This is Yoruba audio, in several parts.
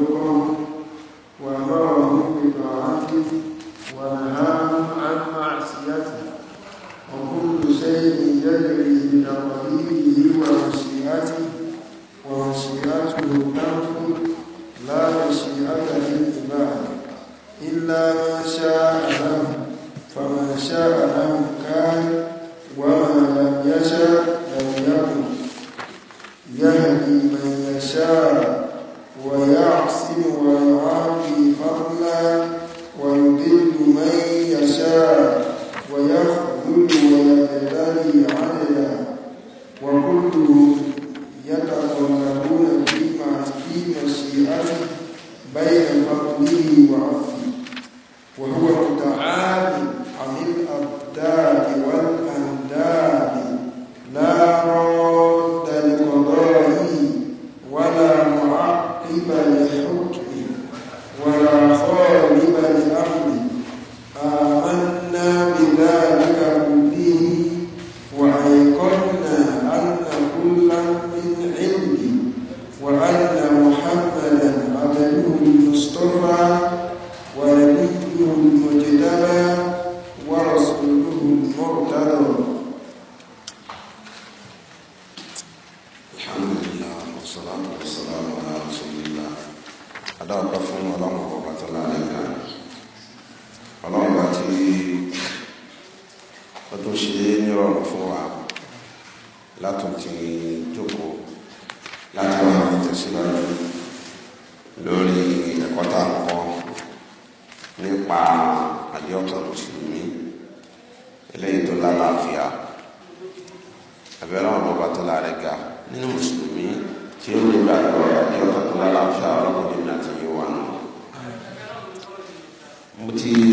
نذرهم وأمرهم بطاعته ونهاهم عن معصيته وكل شيء يجري بتقديره ومشيئته ومشيئته تنفذ لا مشيئة للعباد إلا من شاء له فمن شاء له كان ومن لم يشأ لم يكن يهدي من يشاء ويعافي فضلا ويضل من يشاء ويخذل ويبتلي عدلا وكلهم يتطلبون في مشيئته بين فضله وعفوه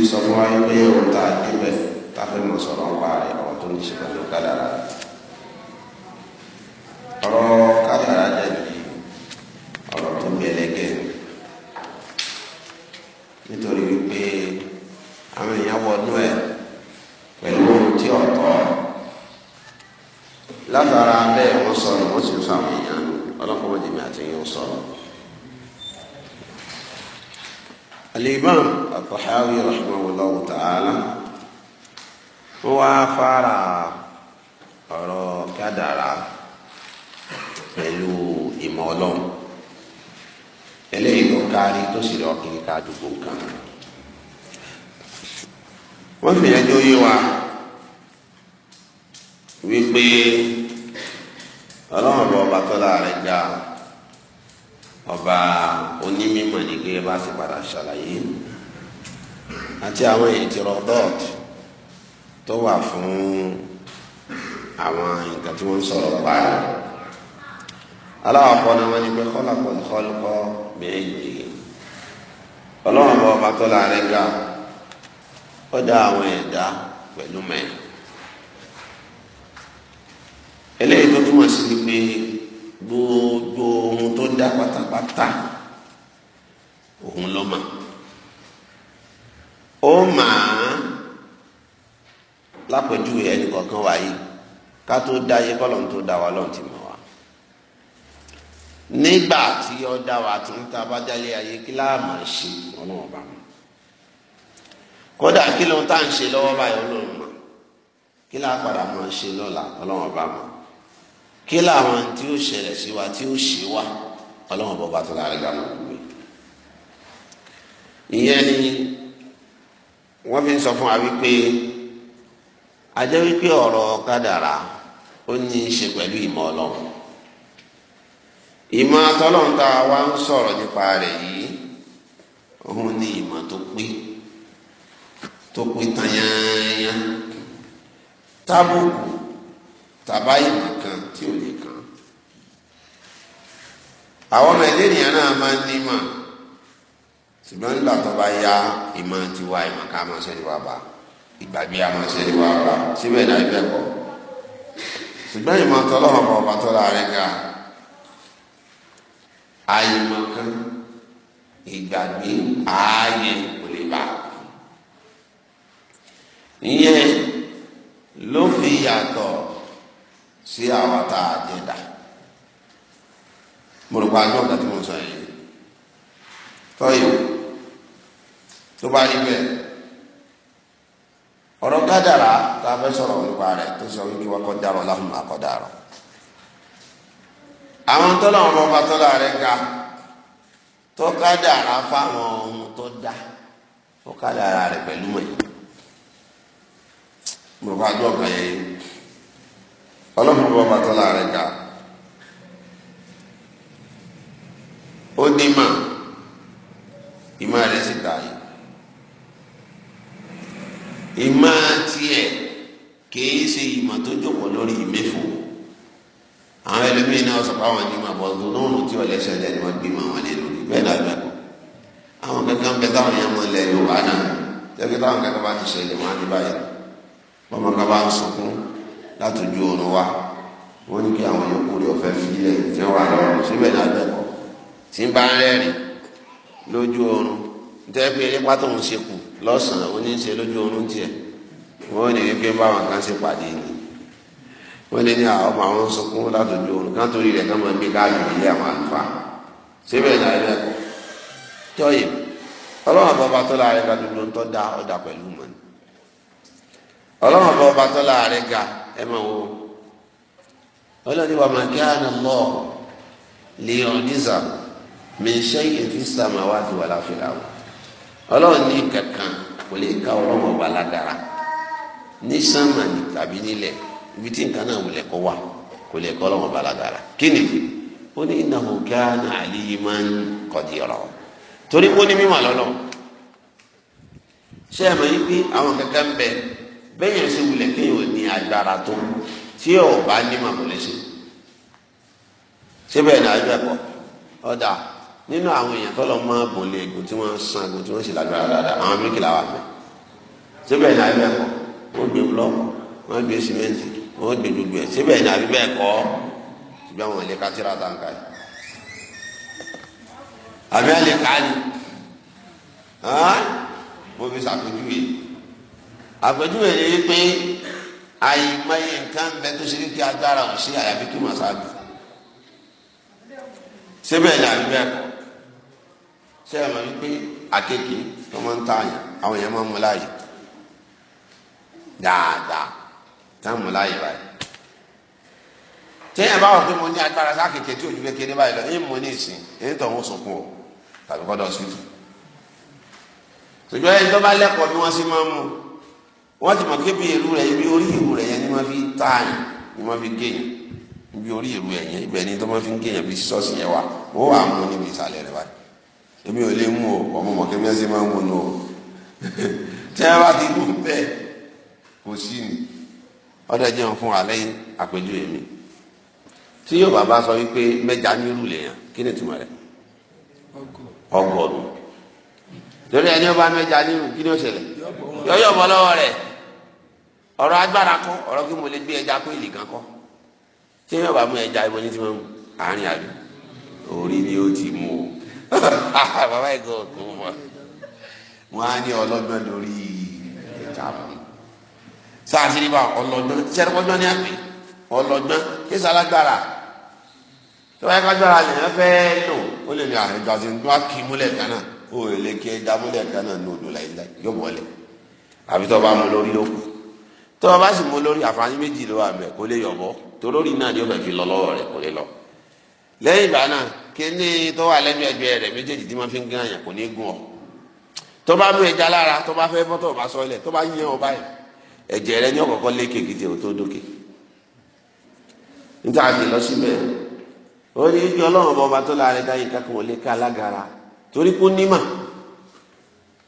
sọ fún wa yìí pé òun ta débẹ̀ tá a fẹ́ mọ̀ sọ̀rọ̀ ọ̀pá rẹ̀ ọ̀rọ̀ tó ní ṣe pẹ̀lú kádàrá gbogbo nǹkan wọ́n fi yẹn jó yé wa wípé ọlọ́run bọ̀ ọba tọ́lá rẹ̀ ga ọba onímọ̀ ní gẹ́gẹ́ bá ti padà ṣàlàyé àti àwọn ìdìrọ̀ dọ́ọ̀t tó wà fún àwọn nǹkan tí wọ́n ń sọ̀rọ̀ báyìí aláwọ̀ kan ni wọ́n ní pé kọ́lá kọ́lá kọ́lá bẹ́ẹ̀ yìí ọlọ́run bá ọba tó láàrin ga ó dá àwọn ẹ̀dá pẹ̀lú mẹ́ẹ̀. eléyìí tó túmọ̀ sí ni pé gbogbo ohun tó dá pátápátá òun ló mà ó màá lápẹjúwe ẹnì kọ̀ọ̀kan wáyé ká tó dáyé kọ́lọ́n tó dá wa lọ́n ti mọ̀ nígbà tí ọ̀dà wà tó ń ta bá dálé ayé kí láàmú ṣe ọlọ́run bá wọn kódà kí ló ń tà ń ṣe lọ́wọ́ báyìí ọlọ́run mọ̀ kí láà padà máa ṣe lọ́la ọlọ́run bá mọ̀ kí làwọn tí ó ṣẹlẹ̀ sí wa tí ó ṣe wa ọlọ́run bọ̀ bá tó láàrin gbà náà gbé ìyẹn ni wọ́n fi ń sọ fún wa wípé ajẹ́ wípé ọ̀rọ̀ kádàrá ó ní í ṣe pẹ̀lú ìmọ̀ ọlọ́run ìmọ̀ atọ́lọ́n tá a wá ń sọ̀rọ̀ nípa rẹ̀ yìí òun ni ìmọ̀ tó pé tó pé tanyanyan tábùkù tàbá ìmọ̀ kan tí ò lè kàn. àwọn ọmọ ẹ̀dẹ́ ènìyàn náà máa ń nímọ̀ ṣùgbọ́n nígbà tó bá yá ìmọ̀ tiwa ìmọ̀ ká máa ṣe níwá bá ìgbàgbé a máa ṣe níwá bá síbẹ̀ náà ibẹ̀ kọ́ ṣùgbọ́n ìmọ̀ tọ́lọ́mọ̀ ọba tọ́lá rẹ̀ ga àyèmọ̀kan ìgbàgbé ààyè kò lè bá ìyẹn ló fi yàtọ̀ sí àwọn tá a jẹ dà mo rò pa ajọ́ ọ̀gá tí mo sọ yìí tọ́yọ̀ tó bá rí bẹ́ẹ̀ ọ̀rọ̀ kádàrá tá a fẹ́ sọ̀rọ̀ nípa rẹ̀ tó sọ wípé wọ́n kọ́ dárọ̀ láhùn àkọ́dárọ̀ àwọn tọ́lá ọmọ ọba tọ́lá rẹ̀ ga tọ́ka dàrá fáwọn ọmọ tó dá tọ́ka dàrá rẹ̀ pẹ̀lú mọ̀ yìí mo bá gbọ́ ọ̀kan yẹn ọlọ́mọ ọba tọ́lá rẹ̀ ga ó ní mà ìmọ̀ rẹ̀ sì dá yìí ìmọ̀ tiẹ̀ kì í ṣe ìmọ̀ tó jókòó lórí ìmẹ́fọ̀ọ́ àwọn ẹlòmíín náà sọ pé àwọn ní ma bọ̀ ọdún náà tí wọ́n lẹ́sẹ̀ lẹ́ ni wọ́n gbé ma wọn lé lórí bẹ́ẹ̀ náà bẹ́ẹ̀ kọ́ àwọn kankan bẹ táwọn yẹn mọ lẹ yorùbá náà jẹ́kí táwọn kankan bá ti ṣẹlẹ̀ wọn á ní báyìí bọ́mọ kan bá ń sunkún látòjú ọ̀run wa wọ́n ní kí àwọn yòókù rẹ̀ ọ̀fẹ́ fílẹ̀ tí wọ́n wà lọ́rùn síbẹ̀ náà bẹ́ẹ̀ tí ń bá ń rẹ́rìn wọ́n lé ní àwọn àwọn sọkún látòjú òun kan torí rẹ̀ kán máa gbé káàkiri ilé àwọn àlùfáà síbẹ̀ ní ayé lẹ́kọ̀ọ́ tọ́yì ọlọ́run àbọ̀bá tó láàrin ga dúdú ń tọ́ da ọ̀dà pẹ̀lú mọ́ni ọlọ́run àbọ̀bá tó láàrin ga ẹ máa wo ọlọ́run ìwà máa kí àná lọ lè ọ̀dísà mi ṣe ìfi sàmà wá ti wà láfíà wọn ọlọ́run ní kankan kò lè ká ọlọ́run ọba ládàra ní sánmà tàbí nílẹ̀ ibi tí nǹkan náà wulẹ̀ kó wà kò lè kọ́ lọ́wọ́ balagara kí ni ó ní innahu kana aliman qadira torí ó ní mímọ̀ lọ́lọ́ ṣé ẹ mọ̀ yín pé àwọn kankan ń bẹ bẹ́ẹ̀ yẹn ṣe wulẹ̀ kéèyàn ò ní agbára tó tí ò bá ní màmúlẹ́sẹ̀ síbẹ̀ ní àjọ ẹ̀kọ́ ọ̀dà nínú àwọn èèyàn tó lọ máa bò lè egun tí wọ́n san egun tí wọ́n sì lágbára dáadáa àwọn méjìlá wà mẹ́ síbẹ̀ ní àjọ ẹ̀kọ́ wọ́n gbé búlọ́ọ̀kù wọ́n gbé sìmẹ́ǹtì ó de gbogbo ẹ̀ síbẹ̀ ní àbí bẹ́ẹ̀ kọ́ ṣùgbọ́n àwọn ìlẹ́ka tíra tá n ká yìí àbí àlè ká ni mo fi ṣàpèjúwe àpèjúwe ni wípé àyìnmáyé nǹkan bẹ tó ṣe kí agbára ò sí àyàfi kí màá ṣáàbì síbẹ̀ ní àbí bẹ́ẹ̀ kọ́ ṣé ẹ mọ̀ wípé àkekèé tó máa ń tààyàn àwọn èèyàn máa ń mú láàyè dáadáa táàmù láàyè báyìí téèyàn bá wọ pé mo ní agbára sákèké tí òjú kékeré báyìí lọ èyí mo ní ìsìn èyí tó ń sunkún o tàbí kọ́ dọ̀ sùtù ṣùgbọ́n ẹni tó bá lẹ́kọ̀ọ́ bí wọ́n sì máa ń mu wọ́n ti mọ̀ pé bí irú rẹ̀ ibi orí irú rẹ̀ yẹn ni wọ́n fi táàyàn ni wọ́n fi géèyàn ibi orí irú rẹ̀ yẹn ibẹ̀ ni tó máa fi ń géèyàn bí sísọ́ọ̀sì yẹn wà ó wà mú níbi ìsàlẹ̀ rẹ̀ báyìí èmi ò lè mú o ọmọ mọ̀ kébí ẹ sì máa ń mú o tí wọ́n bá ti mú bẹ́ẹ̀ kò sí ni ọdẹ jẹun fún wa lẹ́yìn àpèjúwe mi tí yóò bàbá sọ wípé mẹ́ja ní irú lèèyàn kí ni tìmọ̀ rẹ̀ ọgọ́rùn lórí ẹni ọba mẹ́ja ní irú kí ni ó ṣẹlẹ̀ yọyọ bọ lọ́wọ́ rẹ̀ ọ̀rọ̀ agbára kọ́ ọ̀rọ̀ kí mo lè gbé ẹja kó ìlì kan kọ́ tí yóò bá mú ẹja ibo ní ti mọ àárín àlù orí ni ó ti mú o bàbá ìgò òkú mọ wọn á ní ọlọ́gbọ́n lórí ìjàmbá sáàsìrì bá ọlọ́gbọ́n sẹrẹkọjọ ni a pè ọlọ́gbọ́n kí sálágbára tó yẹ kágbára lèèyàn fẹ́ lò ó lè ní àhẹjọ àti nínú akímúlẹ̀ kan náà ó lè kí ẹja múlẹ̀ kan náà ní odò láìláì yóò mọlẹ àbí tó bá mú lórí lókun tó bá sì mú lórí àfààní méjì ló wà mẹ kó lè yọbọ tó lórí náà ni ó fẹ́ fi lọ lọ́wọ́ rẹ̀ kó lè lọ lẹ́yìn ìgbà náà kíní tó wà lẹ́nu ẹgbẹ́ rẹ̀ méjèèjì tí wọn fi ń gán àyàn kò ní gún ọ tó bá mú ẹja lára tó bá fẹ́ bọ bá sọ ilẹ̀ tó bá yẹ ọ báyìí ẹ̀jẹ̀ rẹ ní ọ̀kọ̀ọ̀kan lékè kìtì ò dókè níta àti lọ síbẹ̀ ó ní ọba tó láàrin dáyé kákan ò ká alágara torí kó nímà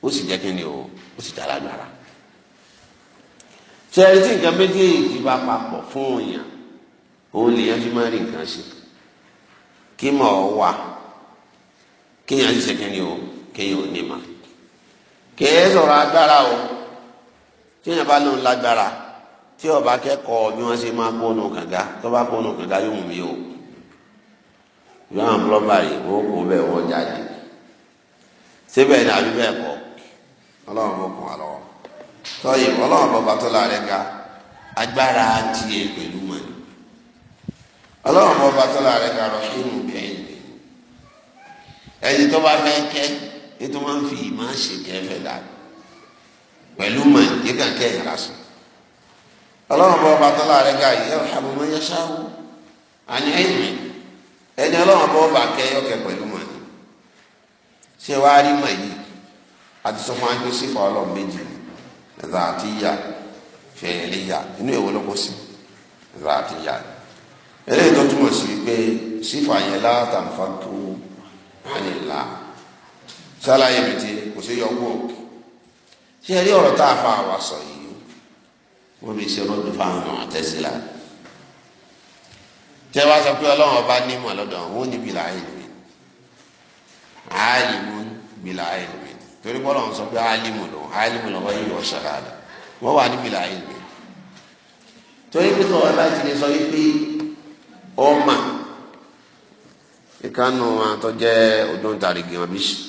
ó sì kí ni o ó sì dára gbára ṣẹ́ẹ́rì tí nǹkan méjèèjì bá papọ̀ fún òun rí nǹkan ṣe kí wà kéèyàn ti ṣe kí ni o kéèyàn ò nímà kéèyàn sọ̀rọ̀ agbára o. tí èèyàn bá lóun lágbára tí ọba kẹ́kọ̀ọ́ bí wọ́n ṣe máa kóònù kànga tó bá kóònù kànga yóò mú mi o ìwé àwọn púlọ́mbà rè wọ́n kó bẹ́ẹ̀ wọ́n jáde síbẹ̀ ni àbí bẹ́ẹ̀ kọ́ ọlọ́run bó kún wa lọ́wọ́ tọ́yì ọlọ́run la rẹ̀ ga agbára tiẹ̀ pẹ̀lú ọlọ́run la rẹ̀ ga kí nù fi ìmọ̀ ṣe kẹ́ fẹ́ pẹ̀lú mọ̀ yìí kàn kẹ́ ìyàrá sùn ọlọ́run bọ́ ọba tó láàrin ga yìí ẹ̀rọ àbọ̀mọ́ yẹn ṣáwó àní ẹ̀yìn ẹni ọlọ́run bọ́ ọba kẹ́ ọkẹ́ pẹ̀lú mọ̀ ni ṣé wàá rí mọ̀ yìí àti sọ fún agbésí fún ọlọ́run méjì ẹ̀dá àti ìyá fẹ̀yẹ̀lẹ̀ ìyá inú èwo ló kó sí ẹ̀dá àti ìyá eléyìí tó túmọ̀ sí pé sífà yẹn látàǹfà tó ànilá sálàyé mi ti kò sí yọkú o ṣe rí ọ̀rọ̀ tá a fa àwa sọ yìí wọ́n fi ṣe rọ́dún fáwọn ọmọ àtẹ́sílà tẹ́ wá sọ pé ọlọ́run ọba nímọ̀ lọ́dọ̀ òun ní bìlà àìlùmí àìlùmú bìlà àìlùmí torí bọ́lá wọn sọ pé àìlùmú lọ àìlùmú lọ́wọ́ yìí wọ́n ṣọ̀rọ̀ àdá wọ́n wà ní bìlà àìlùmí torí pé tọ́wọ́ láti lè sọ wípé ọmọ ìkànnù àtọ́jẹ́ ọdún tàrígì wọn bí sùn.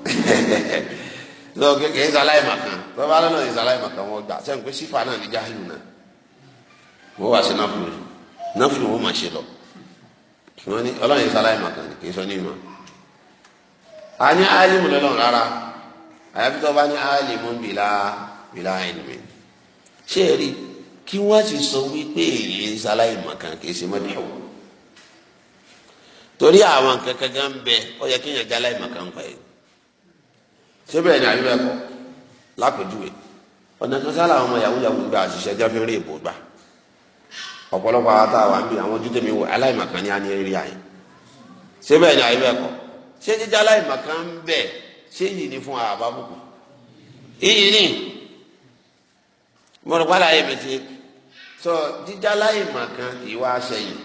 so kékeré ìsàlàyé màkàn tọ́ba alẹ́ náà ìsàlàyé màkàn wọ́n gbà sẹ́yìn pé sífà náà ní jáhìlú náà wọ́n wá sí náfìlú náfìlú wọ́n máa ṣe lọ wọ́n ní ọlọ́run ìsàlàyé màkàn kì í sọ ní ìmọ̀ a ní áálímù lọ́lọ́run rárá àyàfi tọ́ba ní áálímù bìlà bìlà ẹ̀nìmí ṣé ẹ rí kí wọ́n sì sọ wípé èyí ìsàlàyé màkàn kì í ṣe mọ́tò torí àwọn kankan gan bẹ ọ yẹ kí yẹn jálá ìmọ̀ kan pa yìí ṣé bẹ́ẹ̀ ni àbí bẹ́ẹ̀ kọ́ lápèjúwe ọ̀nà tó sá làwọn ọmọ yahoo yahoo gba àṣìṣe jẹ́ fún eré ìbò gbà ọ̀pọ̀lọpọ̀ àwọn táwa ń bí àwọn ojú tèmi wò aláìmọ̀kan ní á ní eré àyè ṣé bẹ́ẹ̀ ni àbí bẹ́ẹ̀ kọ́ ṣé jíjẹ́ aláìmọ̀kan ń bẹ̀ ṣé yìí ni fún àbá bùkù yìí ni mo rò pálá yẹ mi ti sọ jíjẹ́ aláìmọ̀kan ìwà aṣẹ́yìn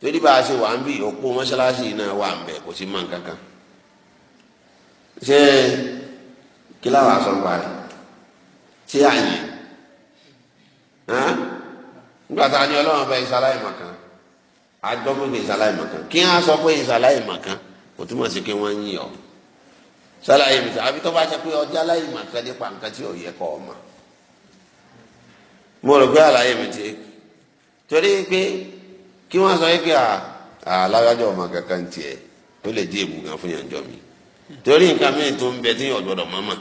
torí bá a se wà ń bí òpó mọ́ṣáláṣí náà wà ń bẹ̀ kò sí mọ́ nǹkan Kila wa aṣọ ń parí tí a yìn nígbà tá a ní ọlọ́run bẹ ìsàláìmọ̀ kan àjọpọ̀ pé ìsàláìmọ̀ kan kí wọ́n sọ pé ìsàláìmọ̀ kan kò túmọ̀ sí pé wọ́n ń yìn ọ́ sálàyé mi sọ àbí tó bá ṣe pé ọjà láìmọ̀ kan nípa nǹkan tí ò yẹ kọ́ ọ mọ̀ mo rò pé àlàyé mi ti torí pé kí wọ́n sọ yìí pé àlágájọ́ ọmọ kankan tiẹ̀ ó lè dé èbùgàn fún yànjọ́ mi torí nǹkan mi tó ń bẹ tí yóò gbọdọ̀ mọ́mọ́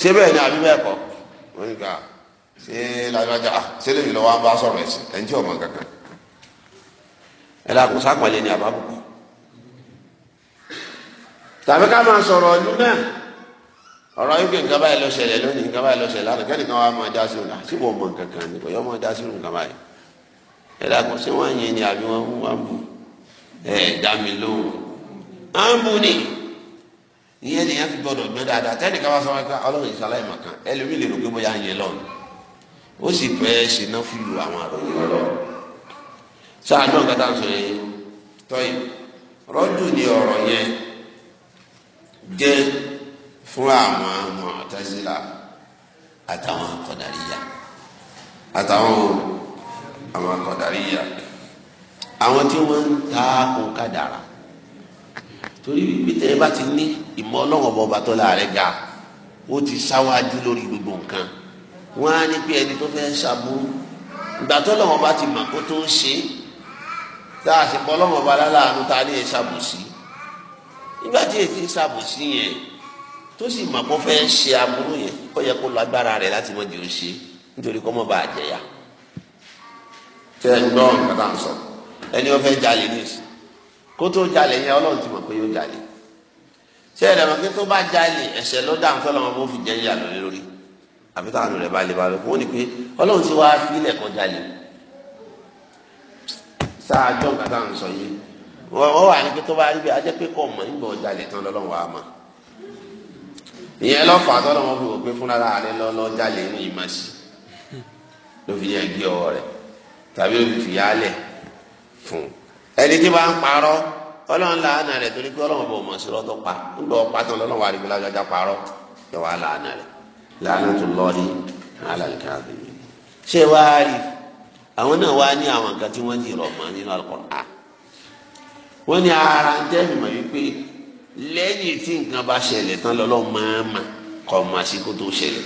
ṣé bẹ́ẹ̀ ni àbí bẹ́ẹ̀ kọ́ wọ́n ní ká ṣé lágbájá ah, ṣé lèmi lọ́wọ́ bá sọ̀rọ̀ ẹ̀sìn ẹ̀ ń tí ọmọ kankan ẹ̀ la kò sápàlẹ̀ ní àbábùkù tàbí ká máa sọ̀rọ̀ ọdún náà ọ̀rọ̀ yìí kì í nǹkan báyìí lọ ṣẹlẹ̀ lónìí nǹkan báyìí lọ ṣẹlẹ̀ lánàá kẹ́nìkan wa máa dá sí òun àti wọ́n mọ nǹkan kan máa dá sí nǹkan báyìí ẹ̀ la sí wọ́n yẹn ni àbí wọ́n wá bù ẹ̀ dá mi lóhùn Ambuni, ni ìyẹn nìyẹn fi gbọdọ̀ gbẹ dáadáa tẹ́nìkan wá sọ wá pé ọlọ́run ìṣàlá ìmọ̀ kan ẹlòmíì lè rò pé bóyá ń yẹ lọ́nù ó sì fẹ́ ṣe náà fúlù àwọn àròyìn ọlọ́run sáà náà kátà ń sọ yẹn tọ́yìn rọ́dù ni ọ̀rọ̀ yẹn jẹ́ fún àwọn Mu'tazila àtàwọn Qadariyya àtàwọn àwọn Qadariyya àwọn tí wọ́n ń ta kó kádàrá torí wípé tẹ́ ẹ bá ti ní ìmọ̀ ọlọ́run ọba tó láàrẹ̀ ga ó ti ṣáwájú lórí gbogbo nǹkan wọ́n á ní pé ẹni tó fẹ́ ṣàbúrú ìgbà tó lọ́wọ́ bá ti mọ̀ kó tó ń ṣe tá a sì pọ̀ ọlọ́run ọba láàánú tá a ní ẹ ṣàbòsí nígbà tí èsì ṣàbòsí yẹn tó sì mọ̀ kó fẹ́ ṣe aburú yẹn ó yẹ kó lọ agbára rẹ̀ láti mọ̀ jẹ́ ó ṣe nítorí kó mọ̀ bá a jẹ̀yà tẹ́ ẹ gbọ́ nǹkan tá à ń sọ ẹni ó fẹ́ jalè ní kó tó jalè yẹn ọlọ́run ti mọ̀ pé yóò jalè ṣé ẹ̀rẹ̀ mọ̀ tó bá jalè ẹ̀ṣẹ̀ ló dá nǹkan lọ́wọ́ fi jẹ́ ìyá lórí lórí àbí táwọn rẹ̀ bá lè bá fún ni pé ọlọ́run ti wá fílẹ̀ kan jalè sáájọ́ nǹkan táwọn sọ yìí wọ́n wà ní tó bá rí bí ajẹ́ pé kò mọ̀ nígbà ọ̀jalè tán lọ́lọ́run wàá mọ̀ ìyẹn lọ́fà tọ́lọ́ fi ẹni tí bá ń parọ́ ọlọ́run làánà rẹ̀ torí pé ọlọ́run bò mọ̀ sí lọ́tọ̀ pa ńlọ pátán lọ́lọ́run àrígbé lágbájá parọ́ yọ wá làánà rẹ̀ làánà tó lọ ní alàlùkà àbẹ̀yẹ. ṣé wàá rí àwọn náà wá ní àwọn nǹkan tí wọ́n ń yìnbọn mọ́ nínú Al-Qur'an wọ́n ní ara ń tẹ́ ìmọ̀ wípé lẹ́yìn tí nǹkan bá ṣẹlẹ̀ tán lọ́lọ́run máa ma kọ́ ọmọ àsìkò tó ṣẹlẹ̀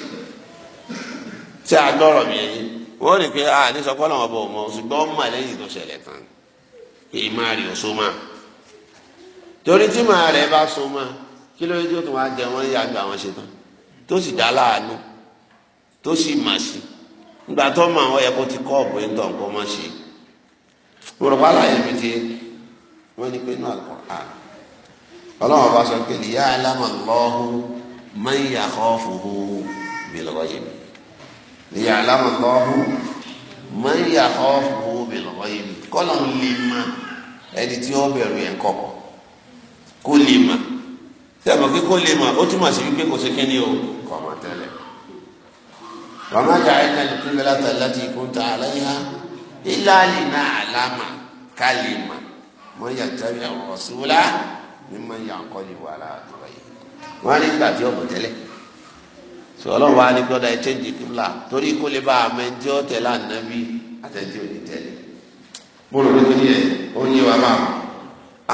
tí a gbọ́rọ̀ mi yẹn wọ́n rí pé a ní sọ pé máa rí òṣó máa torí tí màá rẹ̀ bá so máa kí ló dé tó tún wá jẹ wọ́n yá gba àwọn ṣetán tó sì dá láàánú tó sì mà sí nígbà tó mọ àwọn ẹ̀kọ́ ti kọ́ ọ̀bùn ìtàn kó mọ̀ ṣe mo rò mi ti wọ́n ní pé inú Al-Qur'an ọlọ́run bá sọ pé ìyá alámọ̀lọ́hún man yakhafuhu bil-ghayb ìyá alámọ̀lọ́hún máa ń yà ọ́ fowó bẹ̀rẹ̀ ọ̀yẹ́ mi kọ́lọ̀ ń lè mọ ẹni tí ó bẹ̀rù yẹn kọ̀kọ̀ kó lè mọ tí a mọ̀ pé kó lè mọ ó túmọ̀ sí wípé kò sí kíní o kọ̀ mọ̀ tẹ́lẹ̀ wàmà jà ẹ̀ náà lùkú bẹ́lá tà láti ta aláyá ilá lè ná àlámà ká lè mọ mọ yà tẹ́lẹ̀ ọ̀rọ̀ síwúlá mímọ yà ń kọ́ lè wà láàdúrà yìí wọ́n á ní gbà tí ó mọ̀ sọ ọlọ́run wa ni gbọ́dọ̀ ẹ change kíbla torí kó lè bá àmọ́ ẹni tí ó tẹ̀lé ànábì àtẹ̀tí òní tẹ̀lé bóòlù pé kí ni ẹ ó ní wa máa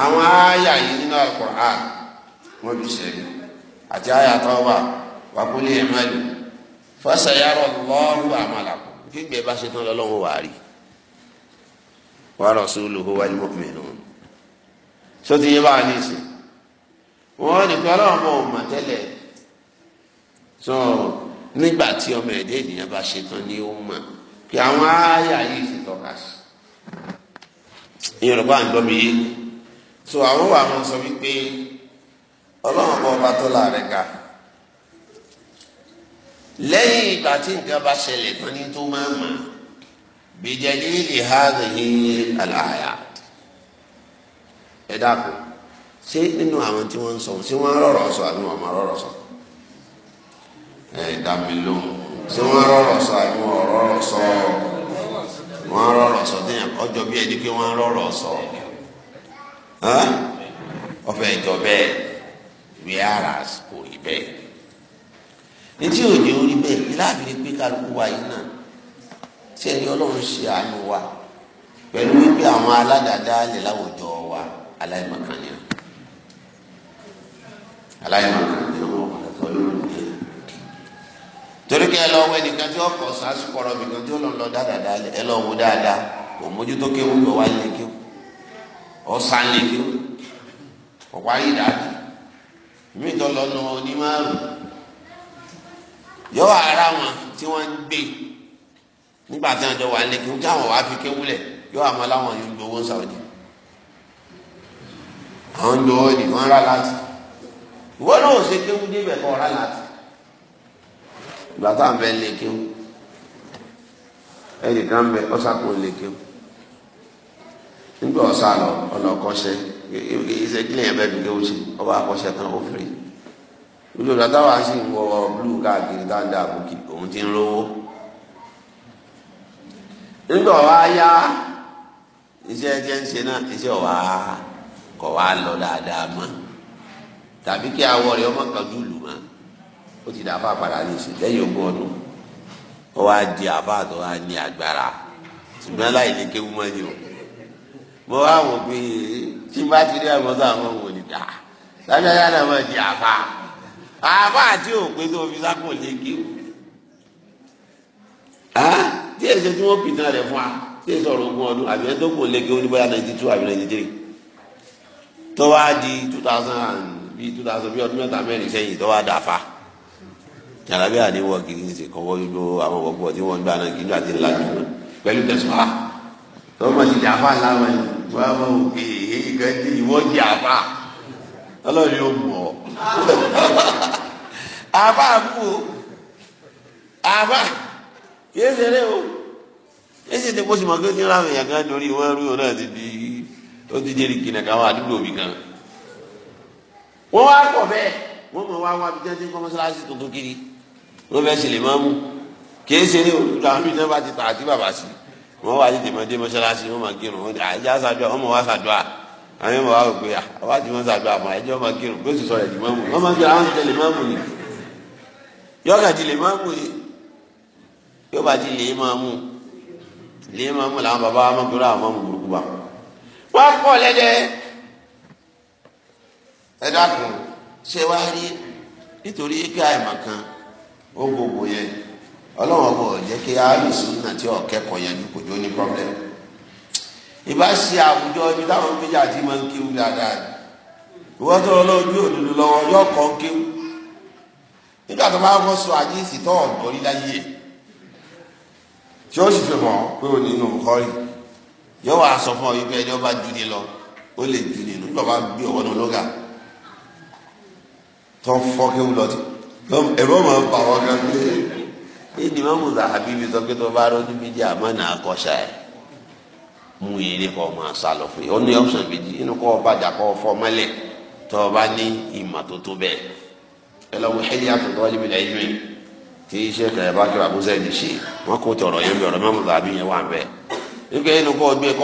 àwọn àyà yìí nínú Al-Qur'an wọn bí sẹ́yìn àti àyà Tawba wa qul i'malu fasayara Allahu a'malakum gbígbé bá ṣe tán lọ́lọ́run wà á rí wa rasuluhu wal mu'minun sọ ti yé bá so nígbà tí ọmọ ẹ̀dẹ́ ènìyàn bá ṣe tán ni ó mọ̀ pé àwọn ááyà yìí ṣe tọ́ka sí yorùbá ń gbọ́ mi yé so àwọn wà máa sọ wípé ọlọ́run bọ́ ọba tó la rẹ̀ ga lẹ́yìn ìgbà tí nǹkan bá ṣẹlẹ̀ tán ni tó máa mọ̀ bìjẹ̀lìlì hàdìhì àlàyà ẹ dákun ṣé nínú àwọn tí wọ́n ń sọ ṣé wọ́n rọ̀rọ̀ sọ àbí wọ́n máa rọ̀rọ̀ sọ ẹ dá mi lóhùn ṣé wọn rọrọ sọ àbí wọn rọrọ sọ wọn rọrọ sọ téèyàn ọjọ́ bí ẹni pé wọn rọrọ sọ ọfẹ ìjọ bẹ́ẹ̀ wíyàrá kò rí bẹ́ẹ̀ etí òde orí bẹ́ẹ̀ ìlàbìrì pé kálukú wa yìí náà tí ẹni Ọlọ́run ṣe àánú wa pẹ̀lú wípé àwọn aládàáda lè láwùjọ wa aláìmọkànnìyàn aláìmọkànnìyàn wọn kò lọ lórí. torí kí ẹ lọ wọ ẹnìkan tí ọkọ sásùkọrọ bìkan tí ó lọ lọ dáadáa ẹ lọ wọ dáadáa kò mójútó kéwù lọ wá lé kéwù ọsàn lé kéwù kò wáyé dáadáa yọ ara wọn tí wọn ń gbé nígbà tí wà lé kéwù tí àwọn fi kéwù yọ yóò gbowó àwọn ń rà láti náà gbata táwọn bẹ lè kéwù ẹnìkan bẹ ọsàkó lè kéwù nígbà ọsà lọ ọlọkọṣẹ ìṣèkìlẹ yẹn bẹ ọba akọṣẹ tán ó ndị ti ń lówó ọwa wá yá iṣẹ́ ẹjẹ́ na ṣe náà iṣẹ́ lọ dáadáa mọ́ ó ti dà fà padà ní ìsìn lẹ́yìn ogún ọdún ó wá di àbá tó wá ní agbára ṣùgbọ́n láì lè kéwú mọ́ ni o mo wá wò pé tí bá ti rí àwọn tó àwọn wò ní dà lábẹ́ ayé náà máa di àbá àbá àti òpin tó fi sápò lè kéwú ah, tí èsè tí wọ́n pìtàn rẹ̀ fún wa tí èsè ọ̀rọ̀ ogún ọdún àbí ẹni tó kò lè kéwú ní bóyá ninety two àbí ninety three tó wá di two thousand and bíi two thousand bíi ọdún mẹ́ta mẹ́rin sẹ́yìn tó wá dà fa jàlábí àníwọ̀ gidi ní ìsìnkọ́wọ́ gbogbo àwọn ọ̀gbọ̀ tí wọ́n gbà náà gíga àti lajú náà pẹ̀lú a ah, tó ma ti di afa láwọn yìí wọ́n á máa wò pé èyí kan ti ìwọ́ di afa ọlọ́run yóò mọ̀ ọ́ afa àbúkù afa kìí ṣeré o kìí ṣe tẹ́kọ̀ sí ma kí ó ti láwọn èèyàn kan lórí wọ́n rú ọ̀nà àti di ó ti jẹ́rìí kìnnìkan àwọn àdúgbò mi kan wọ́n wá pọ̀ bẹ́ẹ̀ wọ́n mọ̀ wá wá bí jẹ́ ti tuntun kiri. wọ́n fẹ́ ṣe ma máa mú kìí ṣe ní olùdó àwọn ìdílé bá ti tà àti bàbá sí wọ́n wà ní dèmọdé mọ́ṣáláṣí wọ́n máa kírun wọ́n àìjá ṣàdúrà wọ́n máa wá ṣàdúrà àwọn yẹn máa wá pé àwa ti wọ́n ṣàdúrà fún àìjọ máa kírun bí ó sì sọ̀rọ̀ ìdìmọ́ mú wọ́n máa àwọn máa mú ni lè máa mú ni lè máa mú lè máa mú làwọn bàbá wa máa mú nítorí àìmọ̀ kan o gbogbo yẹn ọlọ́run ọmọ ọ̀jẹ́ kí alùsùn náà ọ̀kẹ́kọ̀ọ́ yẹn kò jó ní pọ́blẹ́mù ìbá ṣe àwùjọ ibi táwọn méjì àti máa ń kéwù dáadáa ìwọ́n tó lọ́wọ́ yóò kọ́ ń kéwù nígbà tó bá sọ líláyé tí ó sì fi mọ̀ pé ò nínú kọ́rì ọba ju lọ ó lè ju ni nígbà bá gbé ọwọ́ náà lọ́gà tó ẹ̀rọ máa ń pa wọn gan pé èdè mọ́mú zahabi bí sọ pé tó bá rọ́ọ̀dún méjì àmánà akọ́ṣà ẹ̀ mú eré kọ́ máa sá lọ fún yìí ó ní ọ̀sán méjì inú kọ́ bàjá kọ́ fọ́ mọ́lẹ̀ tó o bá ní ìmọ̀ tó tó bẹ́ẹ̀ ẹ tó tọ́jú mi lẹ́yìn mi tí i kẹrẹ bá kíra ní ṣe wọ́n kó tọrọ yẹn bí ọ̀rọ̀ yẹn wà ń kọ́ gbé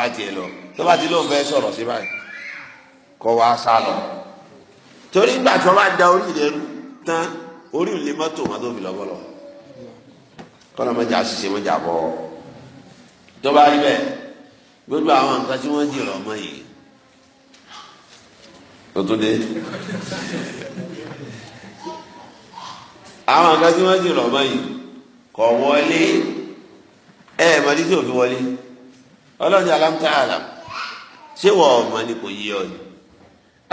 kọ́ da tó bá ti lóun fẹ́ sọ̀rọ̀ sí báyìí kọ́ wa sá lọ torí ìgbà tí wọ́n bá da orí ilẹ̀ tán orí ìlú mọ́tò wọn tó fi lọ́wọ́ lọ kọ́nà mọ́jà ṣiṣẹ́ mọ́jà bọ́ tó bá rí bẹ́ẹ̀ gbogbo àwọn nǹkan tí wọ́n jìrọ̀ ọmọ yìí tó tó dé àwọn nǹkan tí wọ́n jìrọ̀ ọmọ yìí kọ̀ wọlé ẹ̀ẹ́dì tí ò fi wọlé ọlọ́dún alámútáàlà ṣé wọ ọmọ ni kò yí ọ ni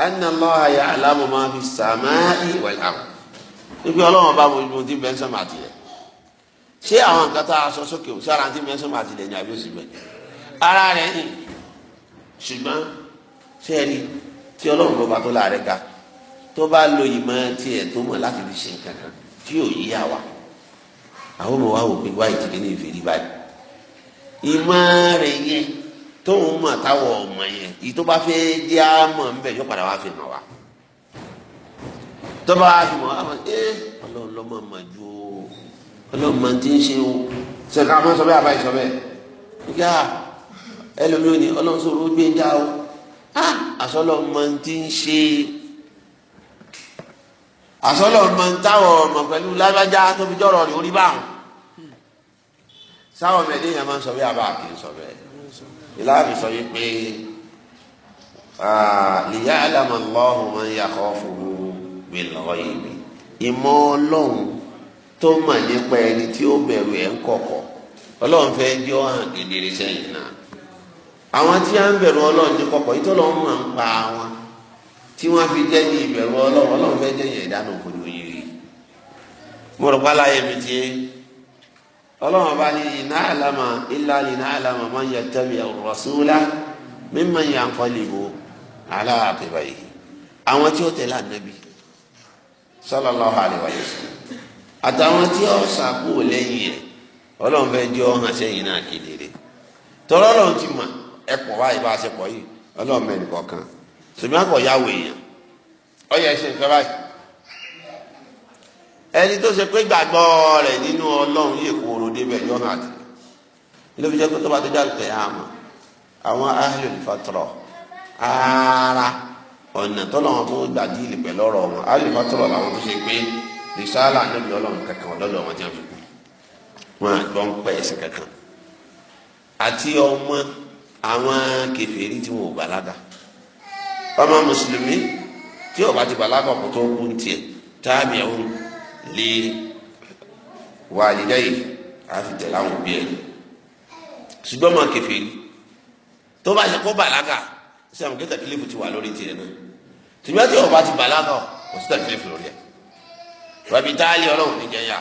anna Allaha ya'lamu ma fi samaa'i wal ardh níbi ọlọ́wọ́n bá mojú ti bẹ́ẹ̀ sọ́mà tilẹ̀ ṣé àwọn nǹkan tá a sọ sókè sára ti bẹ́ẹ̀ sọ́mà tilẹ̀ ní àbí òsì bẹ́ẹ̀ ara rẹ̀ ń ṣùgbọ́n ṣé ẹni tí ọlọ́run bọ́ bá tó láàrẹ̀ ga tó bá lo ìmọ̀ tiẹ̀ tó mọ̀ láti fi ṣe nǹkan kan tí ò yí àwa àwọn ọmọ wa wò pé wáyé ti dé ní ìfèrí báyìí ìmọ̀ rẹ̀ yẹn tóun mọ̀ táwọn ọmọ yẹn yìí tó bá fẹ́ jẹ́ àmọ̀ ńbẹ̀ yóò padà wá fi hàn wá tọ́ba wá fi hàn wá àmọ́ ẹ eh, ọlọ́run lọ́mọ mà ju o ọlọ́run mà ti ń ṣe o sọ̀rọ̀ àmọ́ sọ bẹ́ẹ̀ àbáyé sọ bẹ́ẹ̀ nígbà ẹlòmíràn ni ọlọ́run sọ̀rọ̀ ó gbé ń dá o àsọlọ́ mà ti ń ṣe àsọlọ́ mà táwọn ọmọ pẹ̀lú lágbájá tóbi jọ̀rọ̀ rẹ̀ orí báwọn sáwọn ọmọ ẹdínyàn máa ń sọ bí abá kì í sọ bẹ́ẹ̀ ìlànà sọ yìí pé lìyá àlàmà lọ́hùn máa ń yàkọ́ fún mi lọ́wọ́ yìí mi ìmọ̀ ọlọ́run tó mà nípa ẹni tí ó bẹ̀rù ẹ̀ ń kọ̀kọ̀ ọlọ́run fẹ́ jọ hàn kedere sẹ́yìn náà àwọn tí a ń bẹ̀rù ọlọ́run ní kọ̀kọ̀ yìí tó lọ́ mọ̀ ń pa wọn tí wọ́n fi jẹ́ ní ìbẹ̀rù ọlọ́run ọlọ́run fẹ́ jẹ́ yẹn ìdáná òkòdó yìí mo rò pálá yẹn mi ti yé ọlọ́run bá ní iná àlámà ilá iná àlámà máa ń yẹ tẹ́bi rọ̀ṣúlá mímọ̀ yà ń kọ́lìbò aláàbẹ̀bà yìí àwọn tí ó tẹ̀lé ànábì sallallahu alaihi wa sallam àtàwọn tí ó sàkó lẹ́yìn rẹ̀ ọlọ́run fẹ́ jẹ́ ọ́ hàn sẹ́yìn náà kedere tọ́lọ́ ọlọ́run ti mọ̀ ẹ pọ̀ báyìí bá a ṣe pọ̀ yìí ọlọ́run mẹ́rin kọ̀ọ̀kan ṣùgbọ́n kò yáwó èèyàn ọ yẹ ṣe nǹkan báyìí ẹni tó ṣe pé gbàgbọ́ rẹ̀ nínú ọlọ́run yìí kò débẹ̀ yọ hàn àti ilé fi jẹ́ pé tó bá ti dá lùkẹ́ yà mà àwọn ahlul fatra ara ọ̀nà tó lọ́wọ́ fún gbà díìlì pẹ̀lú ọ̀rọ̀ wọn ahlul fatra làwọn tó ṣe pé rìsáàlà níbi ọlọ́run kankan ọ̀dọ́dọ̀ wọn ti hàn fi kú wọn àgbọ̀n pẹ̀ ẹ̀sìn kankan àti ọmọ àwọn kèfèrí tí wọn ò bàlágà ọmọ mùsùlùmí tí ó ti bàlágà kó tó kú tiẹ̀ táàbì lè wà nídẹ́yìí àfi tẹ̀lé àwọn òbí ẹ̀ ṣùgbọ́n máa kèfèrí tó bá ṣe kó bàlágà ṣe àwọn kẹta kílífù ti wà lórí tiẹ̀ náà tìmọ́ tí ọba ti bàlágà kò sí tàbí kílífù lórí ẹ̀ rọ̀bì táàlì ọlọ́run ní jẹ́yà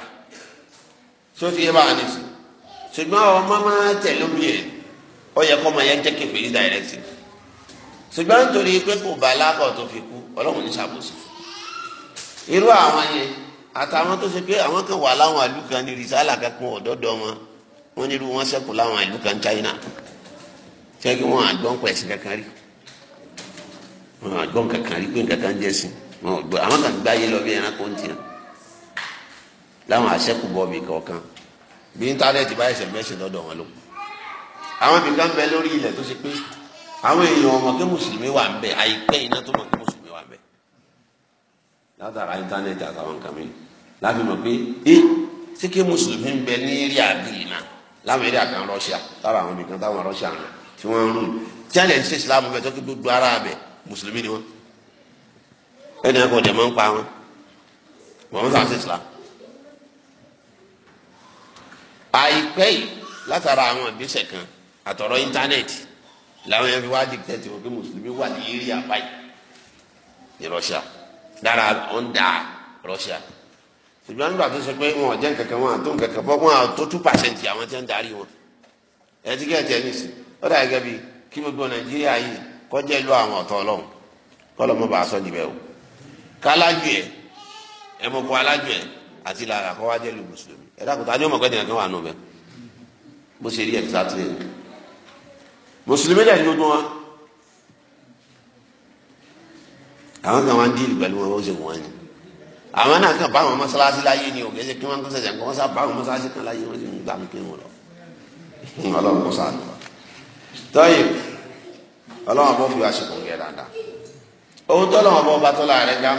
sófì ẹ̀ bá wà nìsí ṣùgbọ́n ọmọ máa tẹ̀lé òbí ẹ̀ ó yẹ kó máa yẹ jẹ́ kèfèrí dàrẹ́tì ṣùgbọ́n nítorí pé kò bàlágà tó fi kú ọlọ́run ní sàbòsí irú àwọn yẹn àtàwọn tó ṣe pé àwọn kan wà láwọn àlù kan ní rìsálà kankan ọ̀dọ́dọ̀ wọn wọn nílùú wọn sẹ́kù láwọn àlù kan China ṣé kí wọn àgbọn pẹ̀sì kankan rí wọn àgbọn kankan rí pé nǹkan kan jẹ́ sí wọn ò gbọ́ àwọn kan gbáyé lọ bí ẹranko ń tiẹ̀ láwọn àṣẹ́kù bọ́ọ̀bì kọ̀ọ̀kan bí íńtánẹ́ẹ̀tì bá ẹsẹ̀ mẹ́sẹ̀ lọ́dọ̀ wọn ló àwọn ibìkan ń bẹ lórí ilẹ̀ tó ṣe pé àwọn èèyàn ọmọ kí mùsùlùmí wà ń bẹ àìpẹ́ iná tó mọ̀ kí mùsùlùmí wà ń bẹ látara íńtánẹ́ẹ̀tì àtàwọn nǹkan mìíràn láti mọ̀ pé ẹ ṣé kí mùsùlùmí ń bẹ ní eré àbíyì náà láwọn eré àkàn Russia lára àwọn ibìkan táwọn Russia ń lọ tí wọ́n ń rún jálẹ̀ ń ṣe Islam bẹ tó kí gbogbo ara bẹ mùsùlùmí ni wọ́n ẹni ẹ̀kọ́ dẹ̀ máa ń pa wọn wọ́n sàn ṣe Islam. àìpẹ́ yìí látara àwọn ìgbésẹ̀ kan àtọ̀rọ̀ íńtánẹ́ẹ̀tì làwọn yẹn fi wá dìgbẹ́ tí wọ́n pé mùsùlùmí wà ní eré àbáyé ní Russia dára ọ̀ndà Russia ṣùgbọ́n nígbà tó sọ pé wọn ò jẹ́ nǹkankan wọn àtó nǹkankan bọ́ wọn àtó two percent àwọn tí wọ́n darí wọn ẹtí kí ẹtí ẹni sí ó dà gẹ́gẹ́ bí kí gbogbo nàìjíríà yìí kọjá ìlú àwọn ọ̀tọ̀ ọlọ́run kọ́lọ́ mọ́ bá a sọ níbẹ̀ o kálájú ẹ̀ ẹ̀mọ̀kọ alájú ẹ̀ àti ìlànà kọ́ wájẹ́ ìlú mùsùlùmí ẹ̀ dàkútà ni ó mọ̀ pé ẹ̀dìyàn ni mùsùlùmí dẹ̀ àwọn kan wá ń díìlì pẹ̀lú wọn ó ṣe wọ́n ni àwọn náà kàn bá àwọn mọ́sálásí láyé ni o kẹsẹ̀ kí wọ́n sẹ̀sẹ̀ kọ́ sá bá àwọn mọ́sálásí kan láyé wọ́n sì ń gbà mí pé wọ́n lọ. ọlọ́run kò sáà lọ. tọ́yì ọlọ́run bó fi wá ṣe kòǹgẹ́ dáadáa. ohun tọ́lọ́run bó bá tọ́lá rẹ̀ gá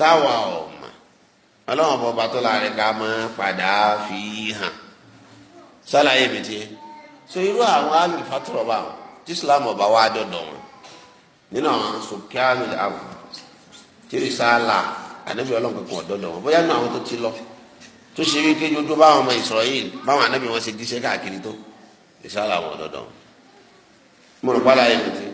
táwa ò ọlọ́run bó bá tọ́lá rẹ̀ gá padà fi hàn. sálàyé mi tiẹ̀ so irú àwọn alùpàtọ́rọ̀ bá wọn tí Islam ọba wa dọ̀dọ̀ wọn tíri sáàlà ànábì ọlọ́run kankan ọ̀dọ́dọ̀ wọn bóyá nù àwọn tó ti lọ tó ṣe wí kéjú tó báwọn ọmọ Israel báwọn ànábì wọn ṣe díṣẹ́ káàkiri tó ìsáàlà wọn ọ̀dọ́dọ̀ wọn. mo rò pálá yẹn ti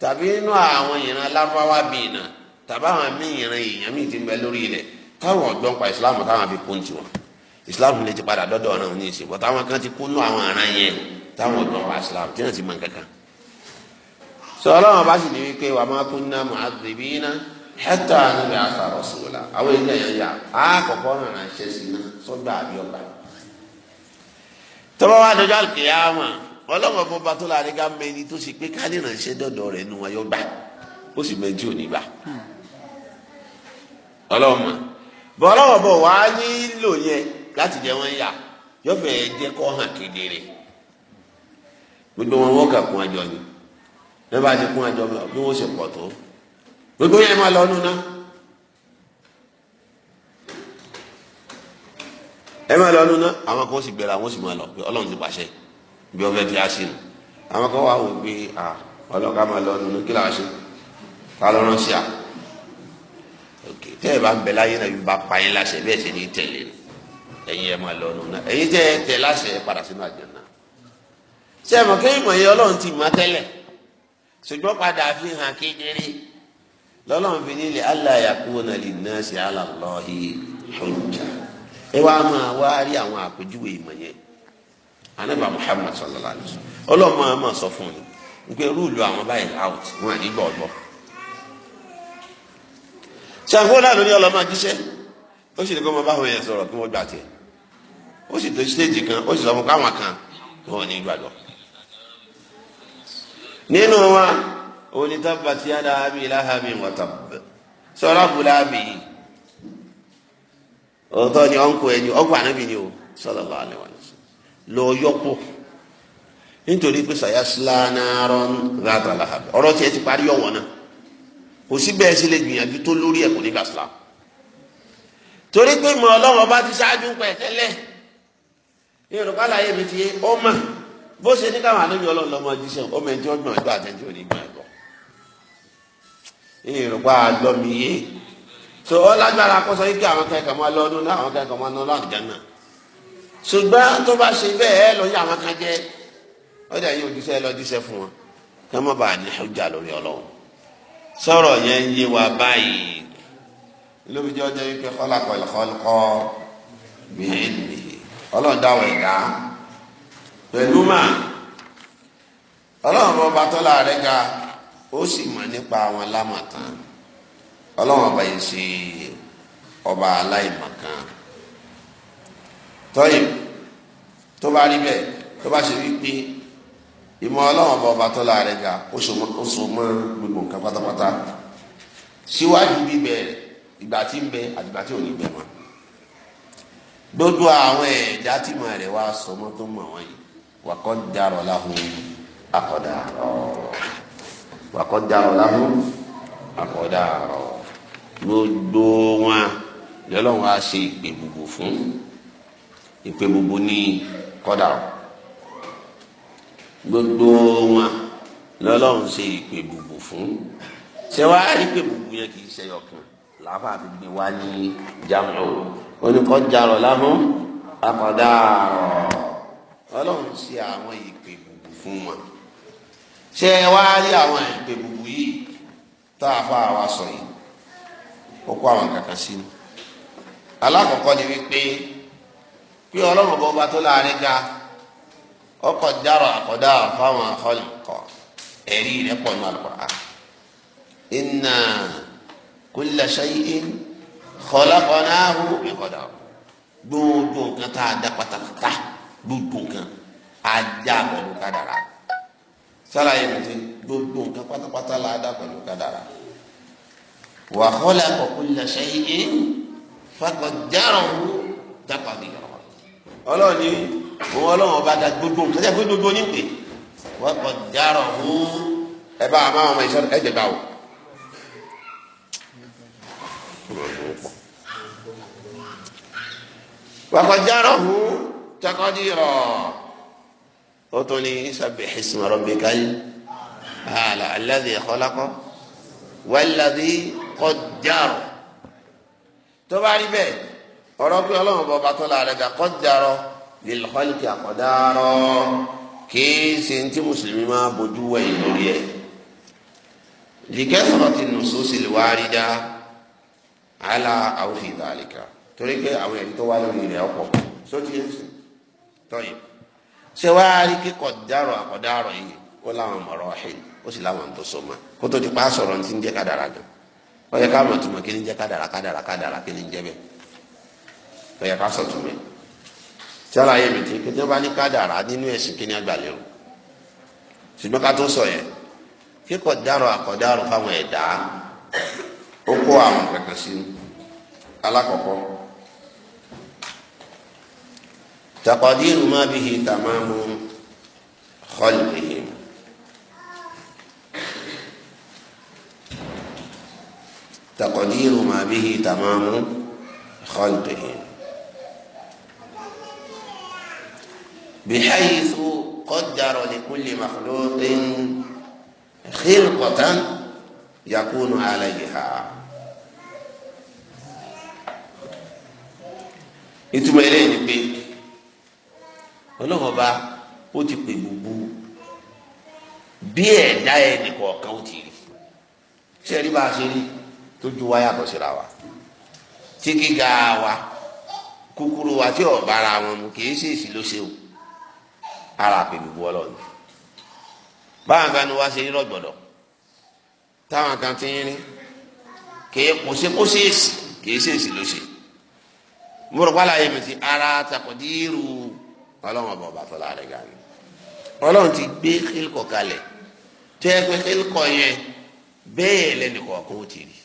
tàbí inú àwọn ìran aláfáwá bíi ìnà tàbí àwọn míì ìran èèyàn míì ti ń bẹ lórí ilẹ̀ táwọn ọ̀gbọ́n pa ìsìláàmù táwọn fi kún tiwọn ìsìláàmù lè ti padà dọ́dọ̀ ọ̀ràn ní ìsìn bọ́ táwọn kan ti kún nú àwọn ìran yẹn táwọn ọ̀gbọ́n pa ìsìláàmù tí náà ti mọ nǹkan kan. sọ ọlọ́run bá sì ní wípé wàá má kunna mu'adhibina ẹtọ àánú rẹ afárọ sọlá àwọn ilé ẹyẹ yà á kọ́kọ́ náà náà ṣe sí náà sọgbà àbíọgbà tọwọ wa dọjọ́ àlùkìyàmà ọlọmọ bó ba tó la rí ká mẹni tó ṣe pé káàdì náà ṣe dọdọ rẹ nu wọn yọ gbà ó sì mẹjì ò ní gbà ọlọmọ bọ ọlọmọ bó wàá nílò yẹn láti jẹ wọn yà yọfẹ jẹ kọ hàn kedere gbogbo wọn wọn kà kún àjọ ni ẹ bá ti kún àjọ bí wọn ṣe pọ̀ tó gbogbo yẹn máa lọ ọ́nù náà ẹ máa lọ ọ́nù náà àwọn kan sì gbéra àwọn sì máa lọ pé ọlọ́run ti pàṣẹ bí ọbẹ̀ fi á sí nu àwọn kan wà wò pé ọlọ́ka máa lọ ọ́nù náà kí làá ṣe ká lọ́ rán sí à tẹ́ ẹ bá ń bẹ láyé náà yóò bá pa yín láṣẹ bẹ́ẹ̀ sì ní tẹ̀lé nu ẹ̀yin ẹ máa lọ ọ́nù ẹ̀yin tẹ́ ẹ tẹ̀ láṣẹ ẹ padà sínú àjànà ṣé ẹ mọ̀ kéèmọ̀ yẹn ọlọ́run ti mọ̀ tẹ́lẹ̀ ṣùgbọ́n padà fi hàn kedere lọ́lọ́run fi nílẹ̀ aláyàkúnà lè ná sí aláàlọ́hì hujja ẹ wá máa wá rí àwọn àpèjúwe ìmọ̀ yẹn anábà Muhammad sallallahu alayhi wa sallam ọlọ́mọ sọ fún mi wípé rúùlù àwọn báyìí out wọn à ní ṣàǹkó náà o si ọlọ́mọ àjíṣẹ́ ó sì ní kó sọ̀rọ̀ kí wọ́n gbà tiẹ̀ ó sì tó stéèjì kan ó sì sọ fún káwọn kan wọn oni tabbati yada abi lahabi wa tabb sọ̀rọ̀ abúláàbì yìí ọ̀tọ̀ ni ọ̀nkọ ẹni ọ̀gbà ànábì ni o sallallahu alaihi wa sallam lọ yọpọ̀ nítorí pé sayasla naran zata lahab ọ̀rọ̀ tiẹ̀ ti parí ọ̀wọ̀ náà kò sí bẹ́ẹ̀ sí lè gbìyànjú tó lórí ẹ̀ kò ní gàsílà torí pé ìmọ̀ ọlọ́wọ́ bá ti ṣáájú pẹ̀ tẹ́lẹ̀ yorùbá láyé mi ti ọmọ bó ṣe ní káwọn àlejò ọlọ́run lọ́mọ jíṣẹ́ ọmọ ẹni tí wọ́n gbọ̀n ẹgbẹ́ àtẹ̀jọ́ ní gbọ̀n ẹ̀ ìrùpá àlọ́mi yé so ọlágbára kọ́sọ́ yìí kí àwọn kẹ́kọ̀ọ́ máa lọ́dún náà àwọn kẹ́kọ̀ọ́ máa lọ́dún àdìgánná ṣùgbọ́n tó bá ṣe bẹ́ẹ̀ ẹ lọ yí àwọn kan jẹ́ ọjà yìí òjíṣẹ́ lọ jíṣẹ́ fún wọn kí wọ́n bá ní ọjà lórí ọlọ́run sọ̀rọ̀ yẹn ń yé wa báyìí lóbi jẹ́ ọjọ́ yìí pé kọ́lákọ̀ ìlọ́kọ́ bíẹ́ẹ̀lì ọlọ́run ẹ̀dá pẹ̀lú mà ọlọ́run bọ́ bá rẹ̀ ga ó sì mọ̀ nípa àwọn alámọ̀tán ọlọ́wọ́n ọba yìí ṣe ọba aláìmọ̀kan tọ́yìn tó bá rí bẹ́ẹ̀ tó bá ṣe wípé ìmọ̀ ọlọ́wọ́n ọba ọba tó láàrẹ̀ ga ó so mọ́ gbogbo nǹkan pátápátá síwájú bíbẹ̀ ìgbà tí ń bẹ àti ìgbà tí ò ní bẹ mọ́ gbogbo àwọn ẹ̀dá tí mo rẹ̀ wá sọmọ́ tó mọ̀ wọ́n yìí wàkọ́ dárọ̀ láhùn akọ̀dà ọ̀ọ́ wàkọ́dárọ̀ láhùn àkọ́dárọ̀ gbogbo wọn lọ́lọ́run á ṣe ìpè gbogbo fún ìpè gbogbo ní kọ́dárọ̀ gbogbo wọn lọ́lọ́run ṣe ìpè gbogbo fún ṣé wàá rí pé kì í ṣe ọkàn làbà fi gbé ní jamu oníkọ́jàrọ̀ láhùn àkọ́dárọ̀ ọlọ́run ṣe àwọn ìpè gbogbo fún wọn ṣé ẹ wá rí àwọn ìpè bùbù yìí tá a fa àwa sọ yìí ó kó àwọn kankan sínú alákọ̀ọ́kọ́ ni wípé pé ọlọ́run bọ́ba tó láàrin ga ọkọ̀ dárọ̀ àkọ́dá fáwọn àkọlùkọ ẹ̀rí rẹ̀ pọ̀ ní Al-Qur'an inna kulla shay'in khalaqnahu bi qadar gbogbo nǹkan tá a dá pátápátá gbogbo nǹkan a dá pẹ̀lú kádàrá sálàyé mi ti gbogbo nǹkan pátápátá la dá pẹ̀lú kádàrá wa khalaqa kulla shay'in faqaddarahu taqdira ọlọ́run ni òun ọlọ́run ọba dá gbogbo nǹkan tẹ́ gbogbo yín pé faqaddarahu ẹ bá àwọn ọmọ ìṣẹ́ ẹ jẹ̀dá o. wa qaddarahu taqdira ó tún ní sábẹ̀ ìsìnmọ̀ rọ̀bì káyé àlà aládé ẹ̀kọ́lákọ́ wàládé kọjárọ̀ tó bá rí bẹ́ẹ̀ ọ̀rọ̀ pé ọlọ́run bọ̀ bàtọ́ la rẹ̀ gà kọjárọ̀ lìlọ́ọ̀lìkì àkọ́dárọ̀ kìí ṣe ní tí mùsùlùmí máa bójú wẹ̀yìn lórí ẹ̀ lìkẹ́sọ̀rọ̀ ti nùsùn sí wá rí dá àlà àwòfin ìdálẹ́kà torí pé àwọn ẹ̀rí tó wá lórí rẹ̀ ọ̀pọ̀ sótìyẹ́sì tọ́yìn ṣé wàá rí kíkọ̀ dárọ̀ àkọ́dárọ̀ yìí ó láwọn mọ̀rọ̀ ọ̀hìn ó sì láwọn tó so mọ́ kó tó di pa sọ̀rọ̀ ní ti ń jẹ́ kádàrà gan ó yẹ ká mọ̀ tùmọ̀ kí ni ń jẹ́ kádàrà kádàrà kádàrà kí ni ń jẹ́ bẹ́ẹ̀ ó yẹ ká sọ tùmọ̀ tí aláyé mi ti pé tí wọ́n bá ní kádàrà nínú ẹ̀sìn kí ni àgbà lérò ṣùgbọ́n ká tó sọ yẹn kíkọ̀ dárọ̀ àkọ́dárọ̀ fáwọn ẹ̀dá ó kó àwọn kankan sínú alákọ̀ọ́kọ́ تقدير ما به تمام خلقهم تقدير ما به تمام خلقهم بحيث قدر لكل مخلوق خلقة يكون عليها إنتم إليه ni ọlọ́run ọba ó ti pè gbogbo bí ẹ̀dá ẹnì kọ̀ọ̀kan ó ti rí ṣé ẹ rí bá a ṣe rí tó ju wáyà bọ̀ síra wa tí gíga wa kúkúrú wa tí ọ̀bá ara wọn mu kì í ṣe èsì ló ṣe o ara pè gbogbo ọlọ́run báwọn kan ni wá ṣe rírọ̀ gbọ̀dọ̀ táwọn kan ti ń rí kì í kò ṣe kó ṣe èsì kì í ṣe èsì ló ṣe mo rò pálá yẹn mi ti ara tàkọ̀dírù. ọlọ́run ọba ọba tọ́lá rẹ̀ ga ni ọlọ́run ti gbé kílkọ̀ kalẹ̀ tó yẹ pé yẹn bẹ́ẹ̀ lẹ́nu kọ̀ọ̀kan o ti rí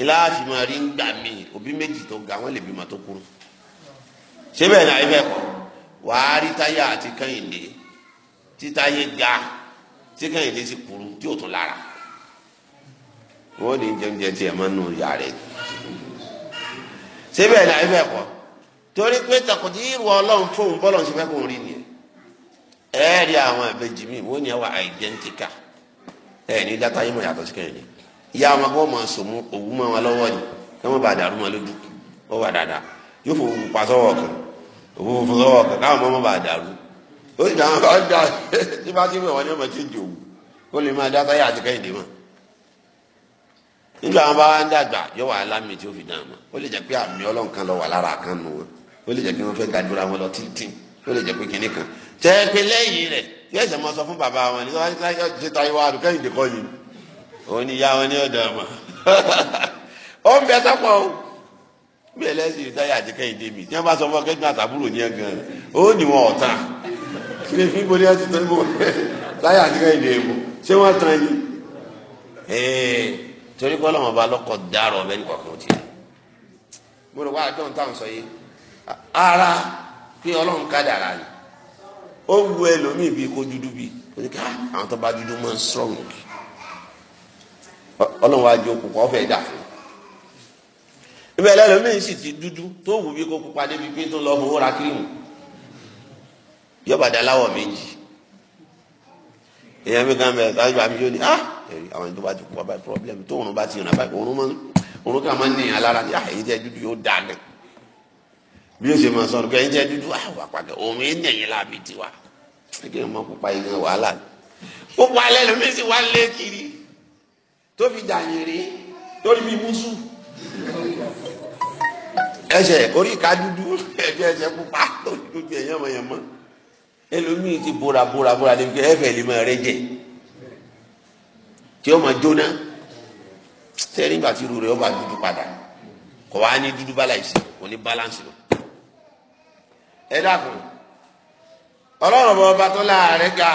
ilá àfihàn rí ń gbà mí òbí méjì tó ga wọ́n lè bímọ tó kúrú ṣé náà ibẹ̀ kọ́ wàá rí táyà àti kẹ́hìndé ga tí kẹ́hìndé ti kúrú tí tún lára wọ́n ní máa ń nù yàrá náà torí pé takùdí ìrù ọlọ́run fóun bọ́lọ̀ ṣe fẹ́ kó rí ẹ rí àwọn mi àìdẹ́ntìkà ẹ ní dátà yìí mọ̀ yàtọ̀ ni ìyá wọn kọ́ máa sọ mú òwú mọ́ wọn lọ́wọ́ ni kí wọ́n bá dàrú lójú wọ́n wà dáadáa yóò fò òwú pa sọ́wọ́ kan òwú fò sọ́wọ́ kan káwọn mọ́ bá dàrú ó sì dáhùn dá bá ti wọ́n ní wọn bá ń dàgbà lọ wà lára ó lè jẹ́ pé wọ́n fẹ́ gàdúrà wọn lọ títí ó lè jẹ́ pé kinní kan tẹ́ ẹ pé lẹ́yìn rẹ̀ tí ẹ̀sẹ̀ mọ sọ fún bàbá wọn ní wọ́n ṣe ta ìwà àdùkẹ́ ìdè kọ́ ni òun ni ìyá wọn ní ọ̀dọ̀ wọn ó ń bẹ sọ́pọ̀ o bí ẹlẹ́sìn ìta yà àdùkẹ́ ìdè mi tí wọ́n bá sọ fún ọkẹ́gbẹ́ àtàbúrò ní ẹ̀gàn ó ní wọn ọ̀tá kí ni fíbo ní tó ń bọ̀ táyà àdùkẹ́ ìdè mú ṣé wọ́n tan ni torí kọ́ lọ́mọba lọ́kọ̀ dárọ̀ ọ̀bẹ nípa kò tiẹ̀ mo rò wá àjọ ara pé ọlọ́run kádàrá ni ó wu ẹlòmíì bíi kó dúdú bíi ó ní ká àwọn tó bá dúdú máa ń strong kì ọlọ́run wá jẹ òkùnkùn ọ̀fẹ́ dà fún ibẹ̀ ẹlòmíì sì ti dúdú tó wù bí kó pupa débi pé tó lọ fowó ra kírìmù yọba dá láwọ̀ méjì èèyàn mi kàn bẹ̀rẹ̀ sáájú àmì yóò ní ah ẹ̀rí àwọn ìjọba ti pupa báyìí problem tó òun bá ti yànnà báyìí òun máa ń òun kà máa ń níyàn lára ní àyè jẹ́ bí o ṣe máa sọ̀rọ̀ kẹ́ ẹ jẹ́ dúdú ah, àwọn àpàkẹ́ òun ẹ̀ nẹ̀yìn láàbí tiwa ẹ kí ẹ mọ pupa yìí gan wàhálà ni pupa alẹ́ lómi sì wá lé kiri tó fi dàyìn rí lórí mi musu ẹsẹ̀ orí ìka dúdú ẹbí ẹsẹ̀ pupa lórí lójú ẹ̀ yánmọ̀yánmọ́ ẹlòmíì ti bóra bóra bóra débi pé ẹfẹ̀ lè máa rẹ jẹ tí ó máa jóná tẹ́rí tí irú rẹ̀ ó bá dúdú padà kò wá ní dúdú báláìsì kò ní báláǹsì lọ ẹ dákun ọlọ́run bọ́ ọba tó láàárẹ̀ ga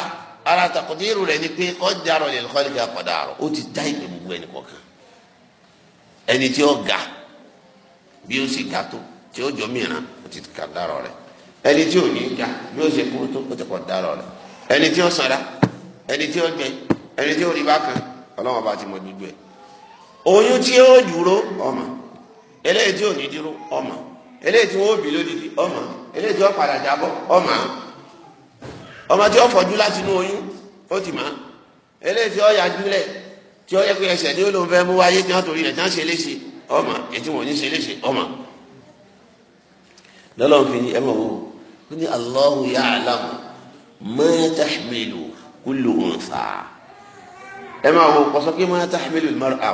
ara takùdírù rẹ̀ ni pé kọ́dàrọ̀ lè kọ́lìkà kọ́dàrọ̀ ó ti dá ìpè gbogbo ẹnì kọ̀ọ̀kan ẹni tí ó ga bí ó sì ga tó tí ó jọ mìíràn ó ti kọ́dàrọ̀ rẹ̀ ẹni tí ò ní ga bí ó sì kúrú tó ó ti kọ́dàrọ̀ rẹ̀ ẹni tí ó sọ̀dá ẹni tí ó gbẹ ẹni tí ó rí bákan ọlọ́run ọba ti mọ gbogbo ẹ̀ oyún tí ó dúró ọmọ eléyìí tí ò ní dúró ọmọ eléyìí tí ó bí lódìdí ọmọ eléyìí tí wọ́n padà jábọ́ ọmọ ọmọ tí wọ́n fọ́jú láti inú oyún ó ti mọ̀ eléyìí tí wọ́n yájú lẹ̀ tí wọ́n yẹ kó ẹsẹ̀ ní olóhùn fẹ́ mú wáyé tí wọ́n torí rẹ̀ tí wọ́n ṣe léṣe ọmọ ètí wọn ò ní ṣe léṣe ọmọ lọ́lọ́run fi ni ẹ mọ̀ wò ó ní Allahu ya'lamu ma tahmilu kullu untha ẹ máa wò kọ́sọ́ kí ma tahmilu al-mar'a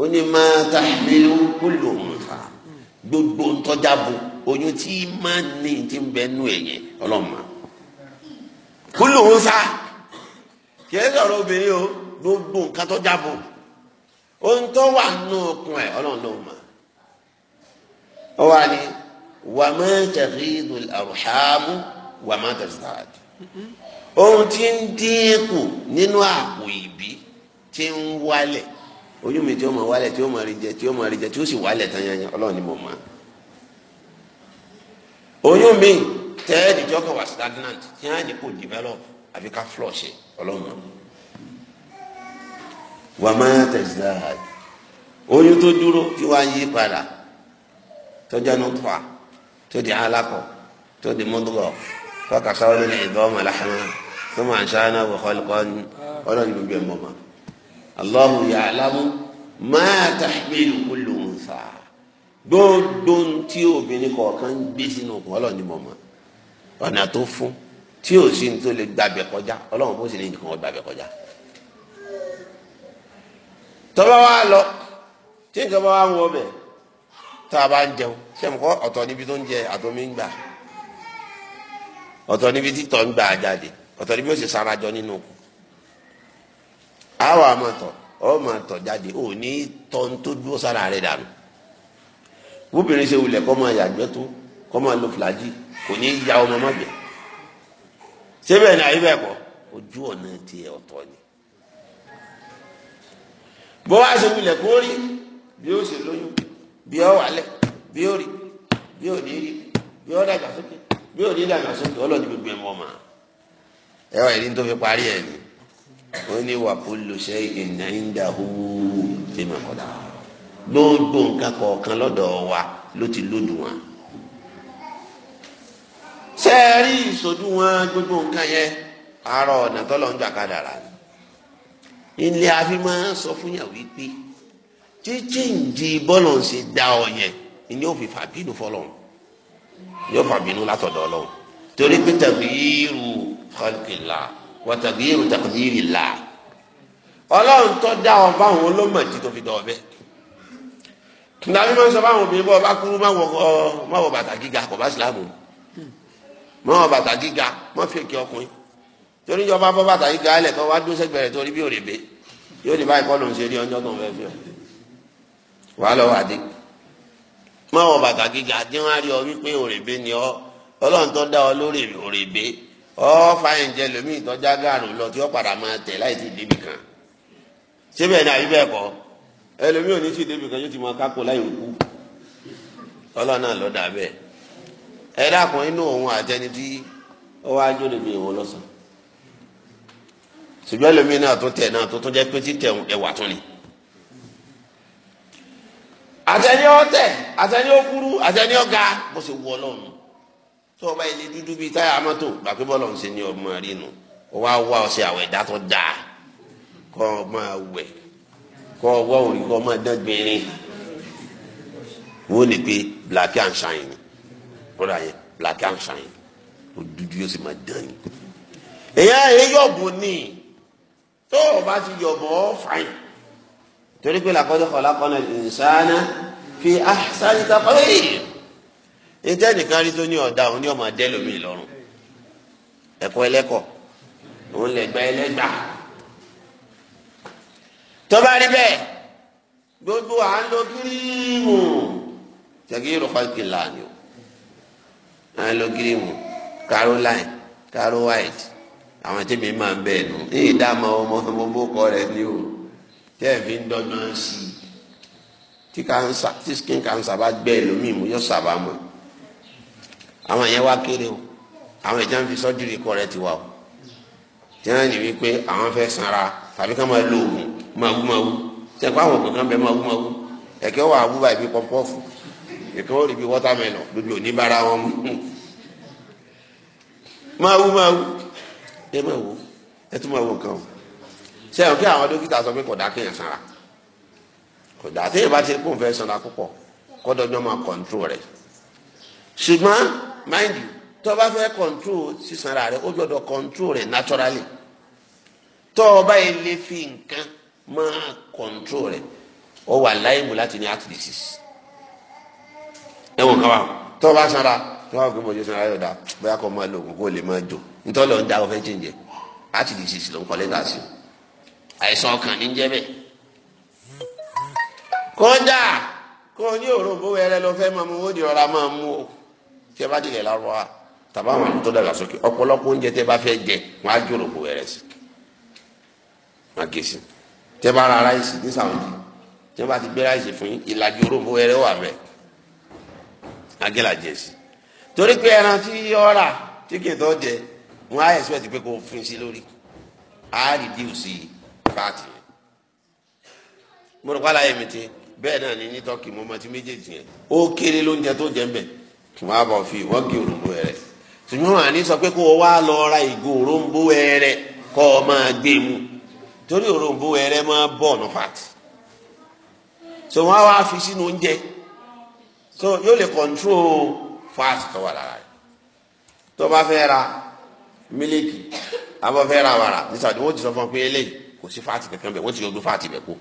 ó ní ma tahmilu kullu untha gbogbo ntọ́jà bò onye tí má ti ń bẹ enye ẹ̀yẹn ọlọ́mọ kúlù ń sá kìí sọ̀rọ̀ o gbogbo nǹkan ohun tó wa nínú okun ẹ̀ ọlọ́run arhamu wa ma ohun ti ń dínkù ninu àpò ibi ti n wálẹ̀ oyún mi tí ma máa wálẹ̀ tí ó máa rí jẹ oyún mi tẹ́ẹ̀dì jọ́kọ̀ wá stagnant tí wọ́n á ní kò develop àfi ká flush ọlọ́run wà má tẹ̀síláàd oyún tó dúró tí wọ́n á yí padà tọ́jà náà tó a tó di alákọ̀ tó di mọ́tòkọ̀ fọ́kàsáwọ́ nínú ìdọ́ màláhàmá tó máa ń ṣáná wọ̀ kọ́lùkọ́ ọlọ́run gbogbo ẹ̀ mọ́ ma Allahu ya'lamu ma tahmilu kullu unsa gbogbo tí obìnrin kọ̀ọ̀kan ń gbé sínú okùn ọlọ́run ni mo mọ̀ ọ̀nà tó fún tí ò sí ní tó lè gbàbẹ̀ kọjá ọlọ́run bó sì ní nǹkan gbàbẹ̀ kọjá tọ́ba wa lọ tí nǹkan bá wà ń wọ bẹ̀ tá a bá ń jẹun ṣé mo kọ́ ọ̀tọ̀ níbi tó ń jẹ àtọ́mí ń gbà ọ̀tọ̀ níbi títọ́ ń gbà jáde ọ̀tọ̀ níbi ó sì sarajọ nínú okùn àwa máa tọ̀ ọ́ jáde ò ní tọ́ ń tó dúró sára rẹ̀ dànù bóbìnrin ṣe wulẹ̀ kọ́ máa yàgbẹ́ tó kọ́ máa lo fìlàjì kò ní í ya ọmọ má bẹ̀ ṣé bẹ́ẹ̀ ni àyè bẹ́ẹ̀ kọ́ ojú ọ̀nà tiẹ̀ ọ̀tọ̀ ni bó wá ṣe wulẹ̀ kó rí bí ó ṣe lóyún bí ó wálẹ̀ bí ó rí bí ó ní rí bí ó dàgbà sókè bí ó ní dàgbà sókè ọlọ́ọ̀ni gbogbo ẹ̀ mọ́ màá ẹ wá ìdí tó fi parí ẹ̀ ni ó ní wàá kó lo ṣe ìnáyìndà hó gbogbo nǹkan kọ̀ọ̀kan lọ́dọ̀ wa ló ti lódù wọn. sẹ́ẹ̀rí ìṣòdù wọn gbogbo nǹkan yẹn àárọ̀ ọ̀nà tọ́lọ̀ ń gbà kádàrà ni. ilé afi máa ń sọ fún yàwó pé títí ǹdí bọ́lọ̀ ń ṣe dá ọ yẹn ni yóò fi fà bínú fọlọ́ yóò fà bínú látọ̀dọ̀ ọlọ́run torí pé tàbíyìrù khalqillah wa tàbíyìrù taqdirilla ọlọ́run tó dá ọ báwọn olómọ̀tì tó fi dọ̀ ọ bẹ́ẹ̀ nàbí máa ń sọ fáwọn obìnrin bọ́ ọba kúrú má wọ bàtà gíga kò bá sílámù má wọ bàtà gíga má fi èké ọkùnrin torí ìjọba bọ́ bàtà gíga ẹ̀ lẹ́kọ̀ọ́ wá dún sẹ́gbẹ̀rẹ̀ torí bí òrèbè yóò ní báyìí kọ́ ló ń ṣe rí ọjọ́ tó ń fẹ́ fi ọ́ wàá lọ́wọ́ àdé má wọ bàtà gíga tí wọ́n á rí ọ wípé òrèbè ni ọ ọlọ́run tó dá ọ lórí òrèbè ọ fáyìn jẹ lómi ìtọ́já gáàrún lọ tí ó padà máa tẹ̀ láì ti débì kan síbẹ̀ ní àbí bẹ́ẹ̀ kọ́ ẹlòmíì òní sí débi kan yóò ti mọ kápò láyé òkú ọlọ́nà lọ bẹ́ẹ̀ ẹ dákun inú òun àtẹni tí ó wá jó ìwọ lọ́sàn ṣùgbọ́n náà tó tẹ̀ náà tó tún jẹ́ pé títẹ̀ ẹwà tún ni àtẹni ọtẹ àtẹni ọkúrú àtẹni bó ṣe tó o bá ilé dúdú bíi táyà mọ́tò bọ́ọ̀lù ṣe ní ọmọ rí nu ó wá wá kọ́ wá òrì kọ́ máa dán gbìnrin wọ́n ni pe black and shine kódà yẹn black and shine ó dúdú yóò sì máa dán ni. èèyàn èyí yọ̀bù ni tó o bá ti yọ̀bù ọ́ fàyìn torí pé làkọ́jọ́ kọ̀ọ̀lá kọ́nà ìsáná fi àṣàyí tapọ̀ yìí níta nìkan rí tó ní ọ̀dà òun ní ọmọ adẹ́lómi lọ́rùn ẹ̀kọ́ ẹlẹ́kọ̀ọ́ òun lẹ̀gbà ẹlẹ́gbàá tọ́ba rí bẹ́ẹ̀ gbogbo à ń lo gírímù tẹ̀gírù kọ́lìkì lánìí o à ń lo gírímù caroline caro white àwọn tẹ́mi máa ń bẹ́ẹ̀ nù ní ìdáàmú ọmọ gbogbo kọ́ rẹ̀ ni o tẹ́ẹ̀fì ń dọ́gbọ́n sí i tí cancer tí skin cancer bá gbẹ́ ẹlòmíì mú yóò sábà mọ́ àwọn yẹn wá kéré o àwọn ìjà ń fi sọ́jú rí kọ́ rẹ̀ ti wà o tí wọ́n ní wípé àwọn fẹ́ sanra tàbí ká máa lo oògùn máa wú máa wú sẹ́kù àwọn kankan bẹ́ẹ̀ máa wú máa wú ẹ̀kẹ́ wà wú báyìí bí pọ́npọ́ọ̀fù ẹ̀kẹ́ wọ́n rí bí wọ́tàmẹ́lọ̀ lójú òní bára wọn mú máa wú máa wú ẹ máa wú ẹ tún máa wú nǹkan o sẹ́yìn kí àwọn dókítà sọ pé kò dá kéèyàn sanra kò dá téèyàn bá ti kó nfẹ́ sanra púpọ̀ kọ́dọ̀jọ́ máa kọ̀ǹtró rẹ̀ ṣùgbọ́n mind you tó bá fẹ́ kọ̀ǹtró sísanra rẹ̀ ó gbọ́dọ̀ kọ̀ǹtró rẹ̀ naturally tó o bá yẹ lè fi nǹkan máa kọ̀ǹtró rẹ̀ ó wà láti ní kan wà tó o bá sanra tó o bá gbé mọ̀jọ́ sanra yóò bóyá kò máa lo oògùn kó o lè máa jò nítorí lọ́n da ọ̀fẹ́ jíjẹ heart ló ń kọ́ lẹ́tà sí àìsàn ọkàn ní jẹ́ bẹ́ẹ̀ kódà kó ní lọ máa mú owó ìrora o tí ẹ bá tàbá tó dàgbà sókè ọ̀pọ̀lọpọ̀ oúnjẹ tẹ bá fẹ́ jẹ wọn á jòrò tẹ́ bá ra ráìsì ní sàwọn tẹ́ bá ti gbé ráìsì fún yín ìlàjì orógbó ẹrẹ wà bẹ́ẹ̀ agẹ́làjẹ sí torí pé ẹran tí ọ̀rà tí kì í tọ́ jẹ wọn á ẹ̀sùn ẹ̀ ti pé kó fún sí lórí á rìdíùsì pààtì yẹn mo rò pàlàyé mi ti bẹ́ẹ̀ náà ni ní tọ́kì mo mọ ti méjèèjì yẹn ó kéré lóúnjẹ tó jẹ ń bẹ̀ kì wọ́n bọ̀ fi wọ́n gé òròmbó ẹ̀rẹ̀ ṣùgbọ́n àní sọ pé kó o wá lọ ra ìgò òròmbó ẹ̀rẹ̀ kọ́ ọ máa gbé mu torí òrombo ẹrẹ máa bọ̀ ọ̀nà pàtì so wọn á wá fi sínú oúnjẹ so yóò lè kọ̀ntró fat tó wà lára rẹ̀ tó bá fẹ́ ra mílíkì abọ́ fẹ́ ra wàrà nísàdí wọ́n ti sọ fún ọ pé eléyìí kò sí fat kankan bẹ̀ wọ́n ti yọ ọdún fat bẹ̀ kú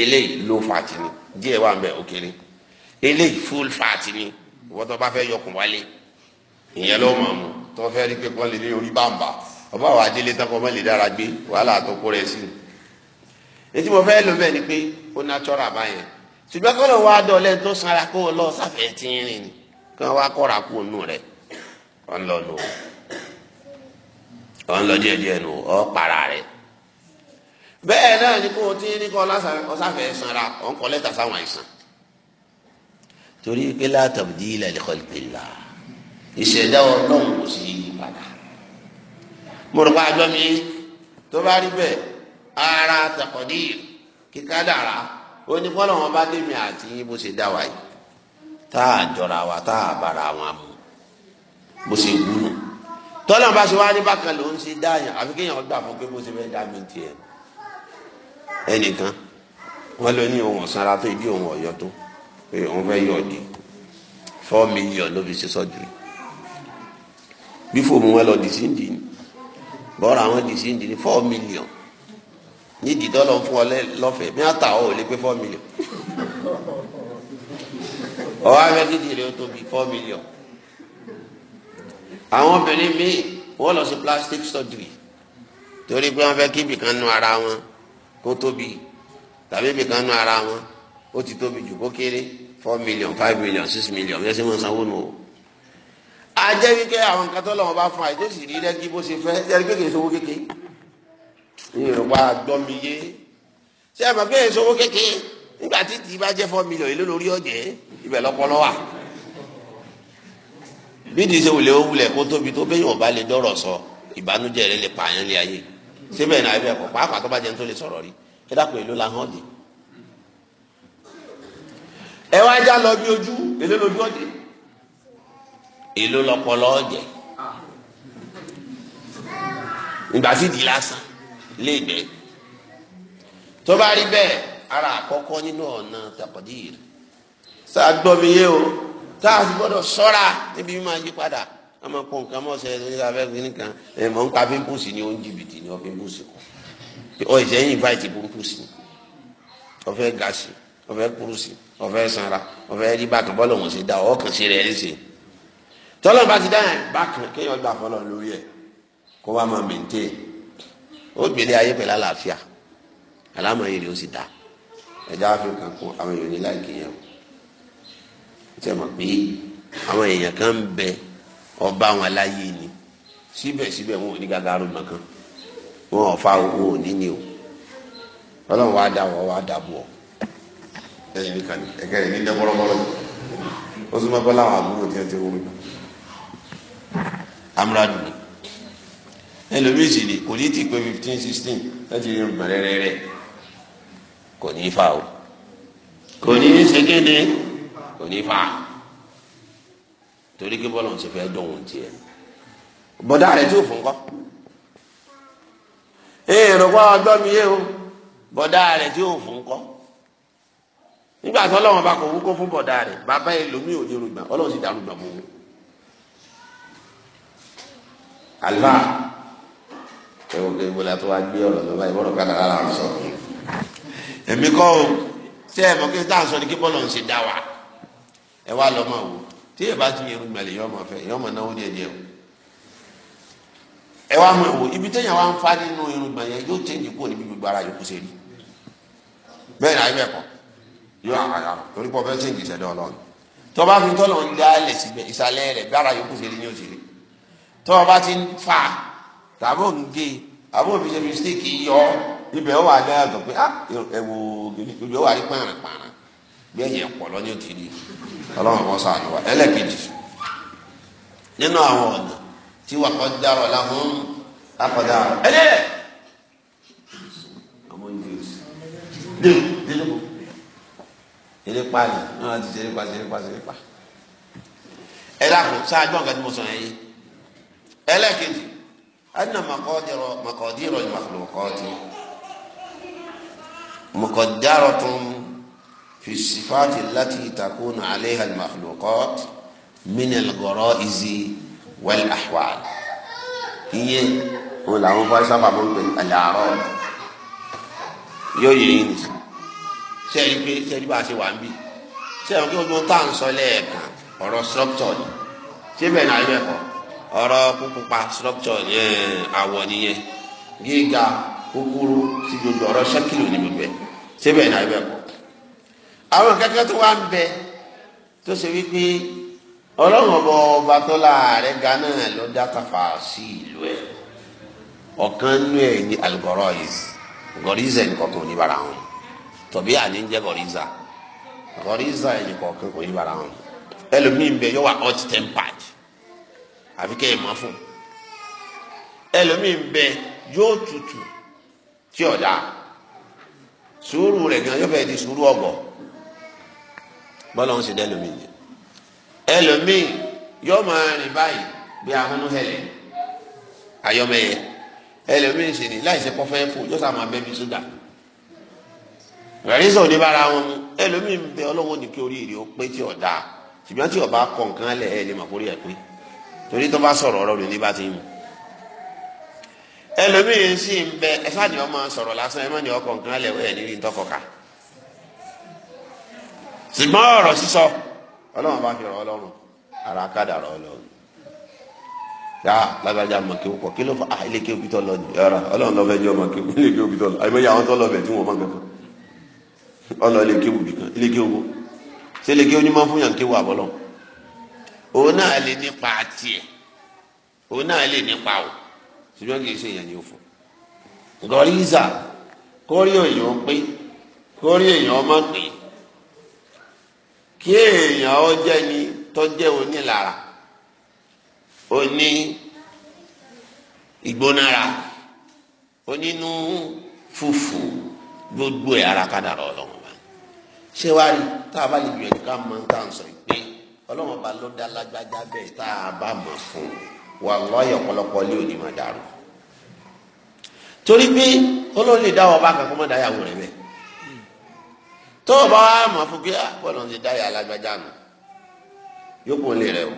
eléyìí low fat ni díẹ̀ wà ń bẹ̀ ó kéré eléyìí full fat ni wọ́n tó bá fẹ́ yọkùn wálé ìyẹn ló mọ̀ mu tó fẹ́ rí pé kọ́lé ní orí bàǹbà ọba àwọn adélé tán kọ́ mọ́ lè dára gbé wàhálà àtọkọ rẹ̀ sí i ètí mo fẹ́ lò bẹ́ẹ̀ ni pé ó natural báyẹn ṣùgbọ́n kọ́ ló wá dọ̀lẹ́ tó sanra kó o lọ sáfẹ́ tí ń rìn ni kí wọ́n wá kọ́ra kú ònú rẹ̀ ọ̀ ń lọ nù ọ̀ lọ díẹ̀ díẹ̀ nù ọ̀ para rẹ̀ bẹ́ẹ̀ náà ni kó o ti ní kọ́ ọ̀sáfẹ́ sanra ọ̀ ń kọ́ lẹ́tà sáwọn àìsàn torí pé látàbí dílẹ̀ lẹ́kọ̀ọ́ ìṣẹ̀dá ọlọ́run kò sí yí mo rò pé àjọ mi tó bá rí bẹ́ẹ̀ ara tẹ̀kọ̀dí kíkà dára ó ní kọ́ lọ́wọ́n bá dé mi àti yín bó ṣe dá wa yìí tá a jọra wa tá a bára wọn mu bó ṣe wúlò tọ́lá bá ṣe wá ní bákan ló ń ṣe dáyà àfi kéèyàn gbà fún pé bó ṣe fẹ́ dá mi tiẹ̀ ẹnìkan wọ́n lọ ní ohun ọ̀sán ara tó ibi ohun ọ̀yọ́ tó pé òun fẹ́ yọ̀ di four million ló fi ṣe sọ́jú bí fóònù wọn lọ di sí bọ́ọ̀rọ̀ àwọn dì sí ń dìní four million ní ìdìtọ́ lọ fún ọ lọ́fẹ̀ẹ́ mi àtà ọ ò lè pé four million ọwọ́ afẹ́ dídì rẹ̀ ó tóbi four million àwọn obìnrin míì wọ́n lọ sí plastic surgery torí pé wọ́n fẹ́ kí ibìkan nu ara wọn kó tóbi tàbí ibìkan nu ara wọn ó ti tóbi jù kó kéré four million five million six million bí ẹ ṣe máa sanwó nù o ajẹ́ wíkẹ́ àwọn nǹkan tó lọ́wọ́ bá fún àyè tó sì rí rẹ́gí bó ṣe fẹ́ yẹrí pé kìí sowó kékeré ní ìrọ̀pá gbọ́mi yé ṣé ẹ mọ̀ pé kìí sowó kékeré nígbà tí tì í bá jẹ́ four million èló lórí ọ̀jẹ́ ibẹ̀ lọ́pọlọ wà bí ti ṣe wùlé wùlẹ̀ kó tóbi tó bẹ́yìn ọba lè dọ̀rọ̀ sọ ìbànújẹ́ rẹ lè pààyàn lé ayé síbẹ̀ náà ibẹ̀ kọ̀ pàápàá tó bá jẹun tó lè sọ̀rọ̀ rí ẹ èló lọpọlọ jẹ ìgbà sí di lásán léègbé tó bá rí bẹ́ẹ̀ ara àkọ́kọ́ nínú ọ̀nà taqdir sáà gbọ́ mi yé o tá a sì gbọ́dọ̀ sọ́ra níbi mímọ́ ayé padà wọ́n máa kó nǹkan mọ́ sẹ́yìn lórí abẹ́ gbin kan ẹ̀ mọ̀ ń pa pímpùsì ni ó ń jìbìtì ni ó pímpùsì kù ọ ìsẹ́yìn invite pímpùsì ọ̀fẹ́ gàásì ọ̀fẹ́ kúrúsì ọ̀fẹ́ sanra ọ̀fẹ́ rí bákan bọ́ọ̀lù wọn ṣe dá ọkàn sí rẹ̀ ẹ̀ ń ṣe tọ́lọ́ bá ti dáhùn bákan kéèyàn gbà fọlọ́ lórí ẹ̀ kó wá máa mẹ́ńtẹ́ ó gbélé ayé pẹ̀lú àlàáfíà àlámọ̀ yìí ni ó sì dá ẹ̀dá áfíríkà kún àwọn èèyàn ní láì kéèyàn ó tẹ̀ mọ̀ pé àwọn èèyàn kan ń bẹ ọba àwọn aláyé ni síbẹ̀síbẹ̀ wọn ò ní gàgàrú mọ̀kan wọn ò fa owó òní ni o ọlọ́run wàá dà wọ́ wàá dà bọ̀ ẹ̀yìn kan ẹ̀kẹ́rẹ́ ní dẹ́gbọ́rọ́gbọ́rọ́ ó súnmọ́ bọ́lá àwọn àbúrò tí wọ́n ti rú mi amúradù ni ẹlòmíì sì ni kò ní ti pé fifteen sixteen láti rí ọgbọ̀n rẹ́rẹ́rẹ́ kò ní fa o kò ní ṣèkéde kò ní fa torí kí bọ́lá ń ṣe fẹ́ dọ̀hún tiẹ̀ bọ́dá rẹ̀ tí ò fún kọ́ èèrò kọ́ ọgbọ́n mi yé o bọ́dá rẹ̀ tí ò fún kọ́ nígbà tí ọlọ́wọ́n bá kọ̀ wúkọ́ fún bọ́dá rẹ̀ bàbá ẹlòmíì ò ní rúgbà ọlọ́wọ́n sì dàrú gbà mọ́ wọn àlùfà ẹwọ kẹ ìbò làtọ wa gbé ọ̀rọ̀ lọba ìbọrọ kan lára ń sọ èmi kọ́ o tẹ ẹ mọ kí n tà ń sọ ni kí bọlọ ń ṣe dá wa ẹ wá lọ máa wò tí ẹ bá ti yẹn gbẹlẹ yọ ọmọ fẹ yọ ọmọ náwó díẹ̀ díẹ̀ o ẹ wá mọ ìwò ibi téèyàn wá ń fa nínú irun gbọ̀n yẹn yóò tẹ̀yìn kúrò níbi gbogbo ara yòókù sẹ́yìn bẹ́ẹ̀ ni ayé ẹ̀kọ́ yóò àyà torí pọ̀ fẹ́ẹ́ sẹ́yìn ìṣẹ̀dá ọlọ́run tó bá fi tọ́lọ̀ ń dá lẹ̀ síbẹ̀ ìsàlẹ̀ rẹ̀ tó o bá ti ń fa tàbó ń gé àbó òfin ṣe mistake yọ ibẹ̀ ó wà á dáyà tó pé ah, ẹ wo ibi ó wà á rí pààrọ̀ pààrọ̀ bí ẹ̀yẹ pọ̀ lọ́jọ́ ti rí ọlọ́run kan sọ àlùwà ẹlẹ́kejì nínú àwọn ọ̀nà tí wà kọ́ dárọ̀ láwọn akọ̀dá ẹ̀dẹ́ ọmọ Jews dé délẹ́kọ̀ erépa ni wọn ti ṣe erépa ṣe erépa ṣe erépa ẹ̀dá kò sáájú ọ̀gá tí mo sọ yẹn yìí ẹlẹ́ẹ̀kejì anna makọdirọ makọdirọ makulukọti mọkọdarọtun fi sifaati lati takuna aleha makulukọt minal gọrọ izi wal ahwal iye wọn làwọn fọ sábà máa ń pè ní àlàárọ yóò yẹ yín nìyí sẹ́ẹ̀rí pé sẹ́ẹ̀rí bá ṣe wà ń bì sẹ́ẹ̀rí pé ojú tá à sọ lẹ́ẹ̀kan ọ̀rọ̀ structure ni ṣé bẹ́ẹ̀ ni àyẹ̀wò ẹ̀kọ́ ọ̀rọ̀ pupa structure yẹn àwọ̀ nìyẹn gíga kúkúrú ti gbogbo ọ̀rọ̀ ṣẹ́kìlì ní gbogbo ẹ̀ síbẹ̀ náà ibẹ̀ kọ́. àwọn kẹ́kẹ́ tó wá ń bẹ tó ṣe wípé ọlọ́run ọba ọba tó láàárẹ̀ ga náà ló dá tàfà sí ìlú ẹ̀ ọ̀kan nú ẹ̀ ní algoroiz goriza ẹnì kọ̀ọ̀kan òní bara wọn tọ̀bí àní ń jẹ́ goriza goriza ẹnì kọ̀ọ̀kan òní bara wọn ẹlòmíín bẹ yóò wá hot tempered àfi kẹ́ ẹ̀ mọ́ fún un ẹlòmíì ń bẹ yóò tutù tí ọ̀dà sùúrù rẹ̀ gan yóò fẹ́ di sùúrù ọ̀gọ̀ bọ́lá ń ṣe dẹ́ ẹlòmíì yẹn ẹlòmíì yóò máa rìn báyìí bí ahọ́nú hẹlẹ̀ ayọ́mẹyẹ ẹlòmíì sì ní láìsẹ̀ pọ́ fẹ́ fò yóò sá máa bẹ́ bí sódà rẹ̀rísọ̀ oníbàárà wọn mu ẹlòmíì ń bẹ ọlọ́wọ́ ní kí orí ìrì ó pé tí ọ̀dà ṣùgbọ́n tí ọba kọ̀ nǹkan lẹ̀ ẹ̀ lè mà kórè ẹ̀ pé torí tó bá sọ̀rọ̀ ọ̀rọ̀ rẹ̀ ní bá ti mú ẹlòmíín sì ń bẹ ẹ sáà ní ọmọ sọ̀rọ̀ lásán ẹ mọ̀ ọkọ̀ nǹkan lẹ̀ wẹ̀ níbi ìtọ́kọ̀ka ṣùgbọ́n ọ̀rọ̀ sísọ ọlọ́run bá fi rọ̀ ọlọ́run ara kádà rọ̀ ọlọ́run yá lágbájá mọ̀ kí ó pọ̀ kí ló fà á ah, kí ó tọ́ lọ ni ọ̀rọ̀ ọlọ́run lọ́fẹ́ jẹ́ ọmọ kí ó ilé kí ó bí tọ́ lọ àyẹ̀mọ́ yà wọ́n tọ́ lọ́bẹ̀ tí wọ́n mọ̀ kankan ọlọ́ ilé kí ó bì kan ilé kí ó bọ̀ ṣé ilé kí ó ní máa ń fún yàn kí ó wà òun náà lè nípa tiẹ̀ òun náà lè nípa o ṣùgbọ́n kì í ṣe èèyàn ni ó fọ. kórí èèyàn pé kórí èèyàn ọmọ pé kí èèyàn ó jẹ́ tó onílára oní ìgbónára onínú fùfù gbogbo ẹ̀ ọlọ́run ṣé wàá rí tá a bá lè gbìyànjú ká sọ ọlọ́run ọba ló dá lágbájá bẹ́ẹ̀ tá a bá mọ̀ fún wà lọ́yẹ̀ ọ̀pọ̀lọpọ̀ ilé òní máa dàrú torí pé olórí lè dá wọn bá kankan mọ́ dáyàwó rẹ̀ bẹ́ẹ̀ tó o bá wà mọ̀ fún pé bọ́ọ̀lù ah, ti nù yóò kó lè o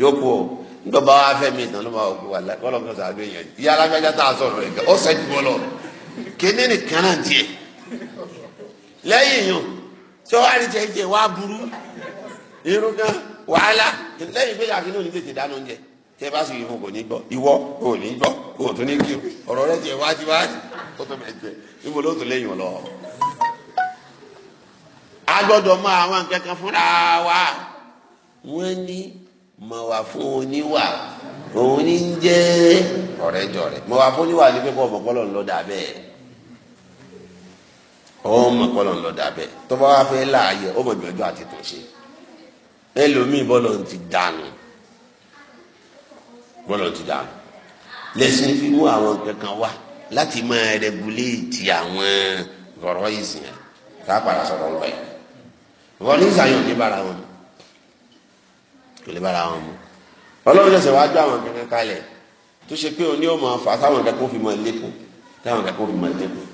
yóò kó o nígbà bá fẹ́ mi tán ló máa wọ kan yẹn tá a sọ̀rọ̀ rẹ̀ ó kéde nìkan náà lẹ́yìn irun gan wàhálà lẹ́yìn pé yàtí lónìí tètè dáná oúnjẹ tẹ bá sì fún kò ní gbọ́ ìwọ kò ní gbọ́ kò tún ní kí ọ̀rọ̀ rẹ tiẹ̀ wájú wájú kó tó bẹ jẹ níbo ló tún lẹ́yìn lọ. a gbọ́dọ̀ mọ àwọn nǹkan fúnra wa wọ́n ní mọ̀ wá fún oníwà òun ní ń jẹ́ ọ̀rẹ́jọ̀rẹ́ fún oníwà ní pé bọ́ọ̀ mọ̀kọ́lọ̀ ń lọ ọmọ mọ̀kọ́lọ̀ ń lọ dà wa fẹ́ láàyè ó mọ̀ àti tún ẹlòmíì bọ́lọ̀ ń ti dànù bọ́lọ̀ ń ti dànù lẹ́sìn fi mú àwọn kankan wá láti máa rẹ́gúléètì àwọn ọ̀rọ̀ ìsìn yẹn tá a padà sọ̀rọ̀ lọ yìí wọ́n ní ìsàyàn ní bára wọn kò lè bára wọn mu ọlọ́run ṣẹ̀ṣẹ̀ wá gbé àwọn kankan kalẹ̀ tó ṣe pé òní ọmọ afa táwọn kankan fi máa lékún táwọn kankan fi máa lékún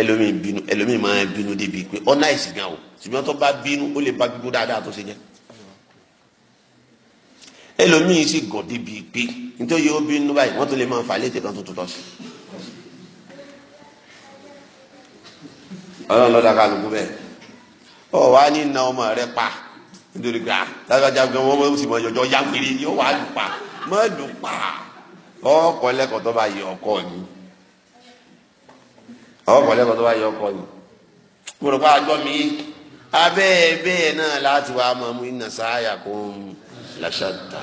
ẹlòmíì bínú ẹlòmíì máa bínú débi pé ọ́nà ìsìn gan o ṣùgbọ́n tó bá bínú ó lè bá gbígbó dáadáa tó ṣe jẹ́ ẹlòmíì sì gàn débi pé nítorí yóò bínú báyìí wọ́n tó lè máa fà létè kan tó tutọ́ sí. ọlọ́run lọ́dà kálukú bẹ́ẹ̀ ọ wá ní na ọmọ rẹ pa nítorí pé ah lágbájá gan wọn mọ̀ sì mọ̀ ọjọ́ yá péré yóò wá lù pa mọ̀ lù pa ọkọ̀ lẹ́kọ̀ọ́ tó bá yẹ ọkọ mi ọkọ̀ lẹ́kọ̀ọ́ tó bá yẹ ọkọ mi mo rò pé àjọ mi abẹ́ bẹ́ẹ̀ náà láti wá mọ̀ mú iná sáyà kó ń làṣàtà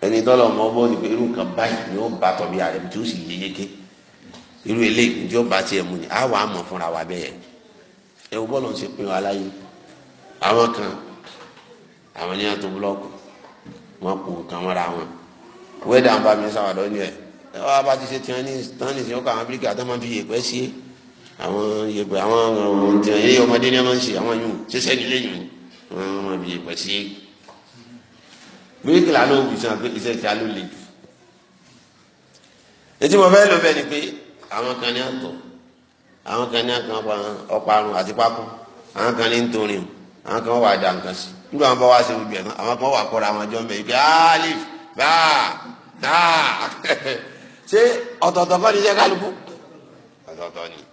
ẹni tọ́lọ̀ mọ́ bọ́ ni pé irú nǹkan báyìí ni ó bá tọ́ bí ara mi tí ó sì yé yéké irú eléyìí tí ó bá tiẹ̀ mu ni á wàá mọ̀ fúnra wa bẹ́ẹ̀ ẹ wo bọ́ọ̀lù ń ṣe pín wa láyé àwọn kan àwọn ní àtò búlọ́ọ̀kù wọn kò kàn wọ́n ra wọn wẹ́dà ń bá mi sáwàdọ́ ni ẹ̀ ẹ wá bá ti ṣe tiwọn ní tán ní ìsìn ọkọ àwọn bíríkì àtọ́ máa fi yèpẹ́ sí àwọn yèpẹ́ àwọn ohun tiwọn yé ni wọ́n wọn máa bí ìpè sí bíríkìlà ló wù sàn pé iṣẹ́ ìta ló le jù etí mo fẹ́ lò bẹ́ẹ̀ ni pé àwọn kan ní àtọ̀ àwọn kan ní àkàn ọparun àti pákó àwọn kan ní ntorin àwọn kan wà dà nǹkan sí nígbà wọn bá wá sí gbogbo ẹ̀ àwọn kan wà kọ́ra àwọn ọjọ́ mẹ́rin pé alif báà náà ṣé ọ̀tọ̀ọ̀tọ̀ kọ́ ni iṣẹ́ kálukú ọ̀tọ̀ọ̀tọ̀ ni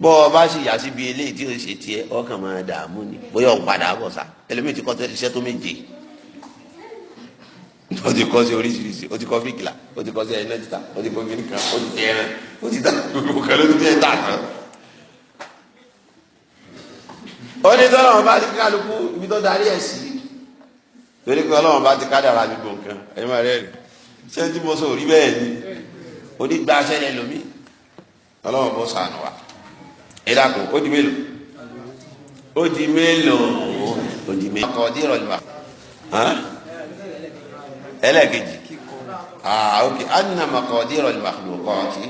bọ́ ọ bá ṣe yà síbi eléyìí tí o ṣe tiẹ̀ ọkàn máa dààmú ni bóyá ọ̀n padà bọ̀ sá ẹlẹ́mìí ti kọ́ iṣẹ́ tó méje o ti kọ́ sí oríṣiríṣi o ti kọ́ fíkìlà o ti kọ́ sí ẹyin o ti kọ́ fíkìlà o ti tẹ̀ o ti ta o kan ló ti tẹ̀ ta kan. ó ní tọ́lá wọn bá ti kálukú ibi tó darí ẹ̀ sí torí pé ọlọ́wọ́n bá ti kádàrá gbogbo nǹkan ẹ̀yin máa rẹ́rìn ṣé tí mo sọ ò rí bẹ́ẹ̀ ni onígbàṣẹ́ lẹ́lòmíì ọlọ́wọ́n bó sànù wa. ìdàkùn ó di mélòó ó di melo ó di mélòó. ọkọ ọdí ìrọ̀lẹ́ ma. ẹlẹ́ẹ̀kejì aa ok anna maqadir al-makhluqati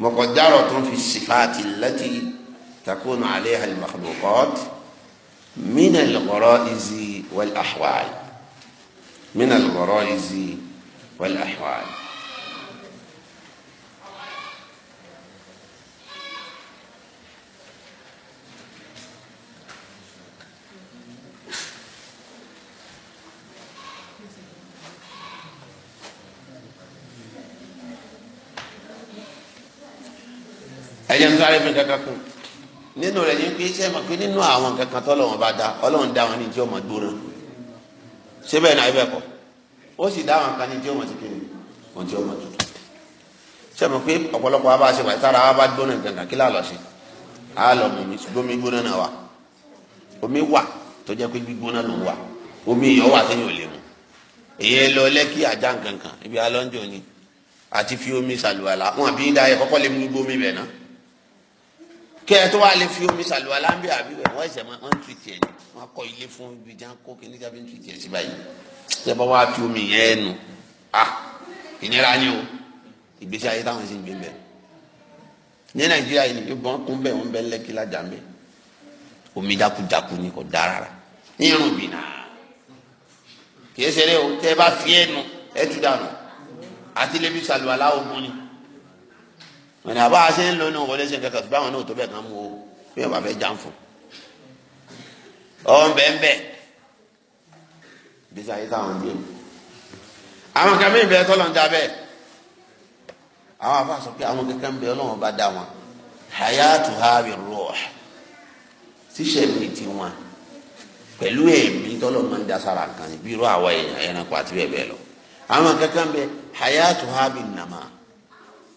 muqaddaratun fi sifati allati takunu alayha al-makhluqat min al-ghara'iz wal-ahwal min al-ghara'iz wal-ahwal. sáré fi kankan kù nínú rẹ̀ ní pé sẹ́mi pé nínú àwọn kankan tó lọ́wọ́n bá da ọlọ́run dá wọn ní tí ó mọ̀ gbóná síbẹ̀ náà ibẹ̀ kọ́ ó sì dá wọn kan ní tí ó mọ̀ sí kiri wọn tí ó mọ̀ tutù sẹ́mi pé ọ̀pọ̀lọpọ̀ wa bá ṣe wáyé tára wa bá gbóná kankan kí láàlọ́ sí a lọ mú ṣùgbọ́n mi gbóná náà wà omi wà tó jẹ́ pé gbígbóná ló wà omi ìyọ́ wà sẹ́yìn ò mu èyí lọ lẹ́kì ajá nkankan ibi alọ́njọ́ ni àti fi omi ṣàlùwàlà wọn àbí dáyẹ kọ́kọ́ lè mú gbómi bẹ̀ náà kẹ ẹ tó wà lè fi omi sàlùwà láńbẹ àbí wẹ wọn ẹsẹ máa ń tuntun ẹ wọn kọ ilé fún ibi tí kó kíní jábí ń tuntun ẹ sí báyìí tẹ bá wà fi omi yẹn nu ah ìnira ni o ìgbésí ayé táwọn sì ń gbé bẹ ní nàìjíríà yìí ni yóò kún bẹ wọn bẹ lẹkí lájà mẹ omi jákujáku ni kò dára rà ní irun bì náà kì í ṣeré o tẹ bá fi ẹ nu ẹ tu dànù àti lè fi sàlùwà láwọn ogun ni wọn ni àbá ṣe ń lò ní wọlé ṣe kankan báwọn náà tó bẹ kàn mú o bí wọn bá fẹ́ já ń fò ọ nbẹnbẹ bí sáyé táwọn gbé àwọn kan mìíràn bẹ tọ́lọ̀ ń da bẹ́ẹ̀ àwọn afa sọ pé àwọn kankan bẹ ọlọ́wọ́n bá dá wọn hayatu habi ruh ṣíṣẹ́ mi ti wọn pẹ̀lú ẹ̀mí tọ́lọ̀ máa ń da sára kan bí irú àwa ẹ̀yàn ẹ̀yàn kan àti bẹ́ẹ̀ bẹ́ẹ̀ lọ àwọn kankan bẹ hayatu habi nàmá.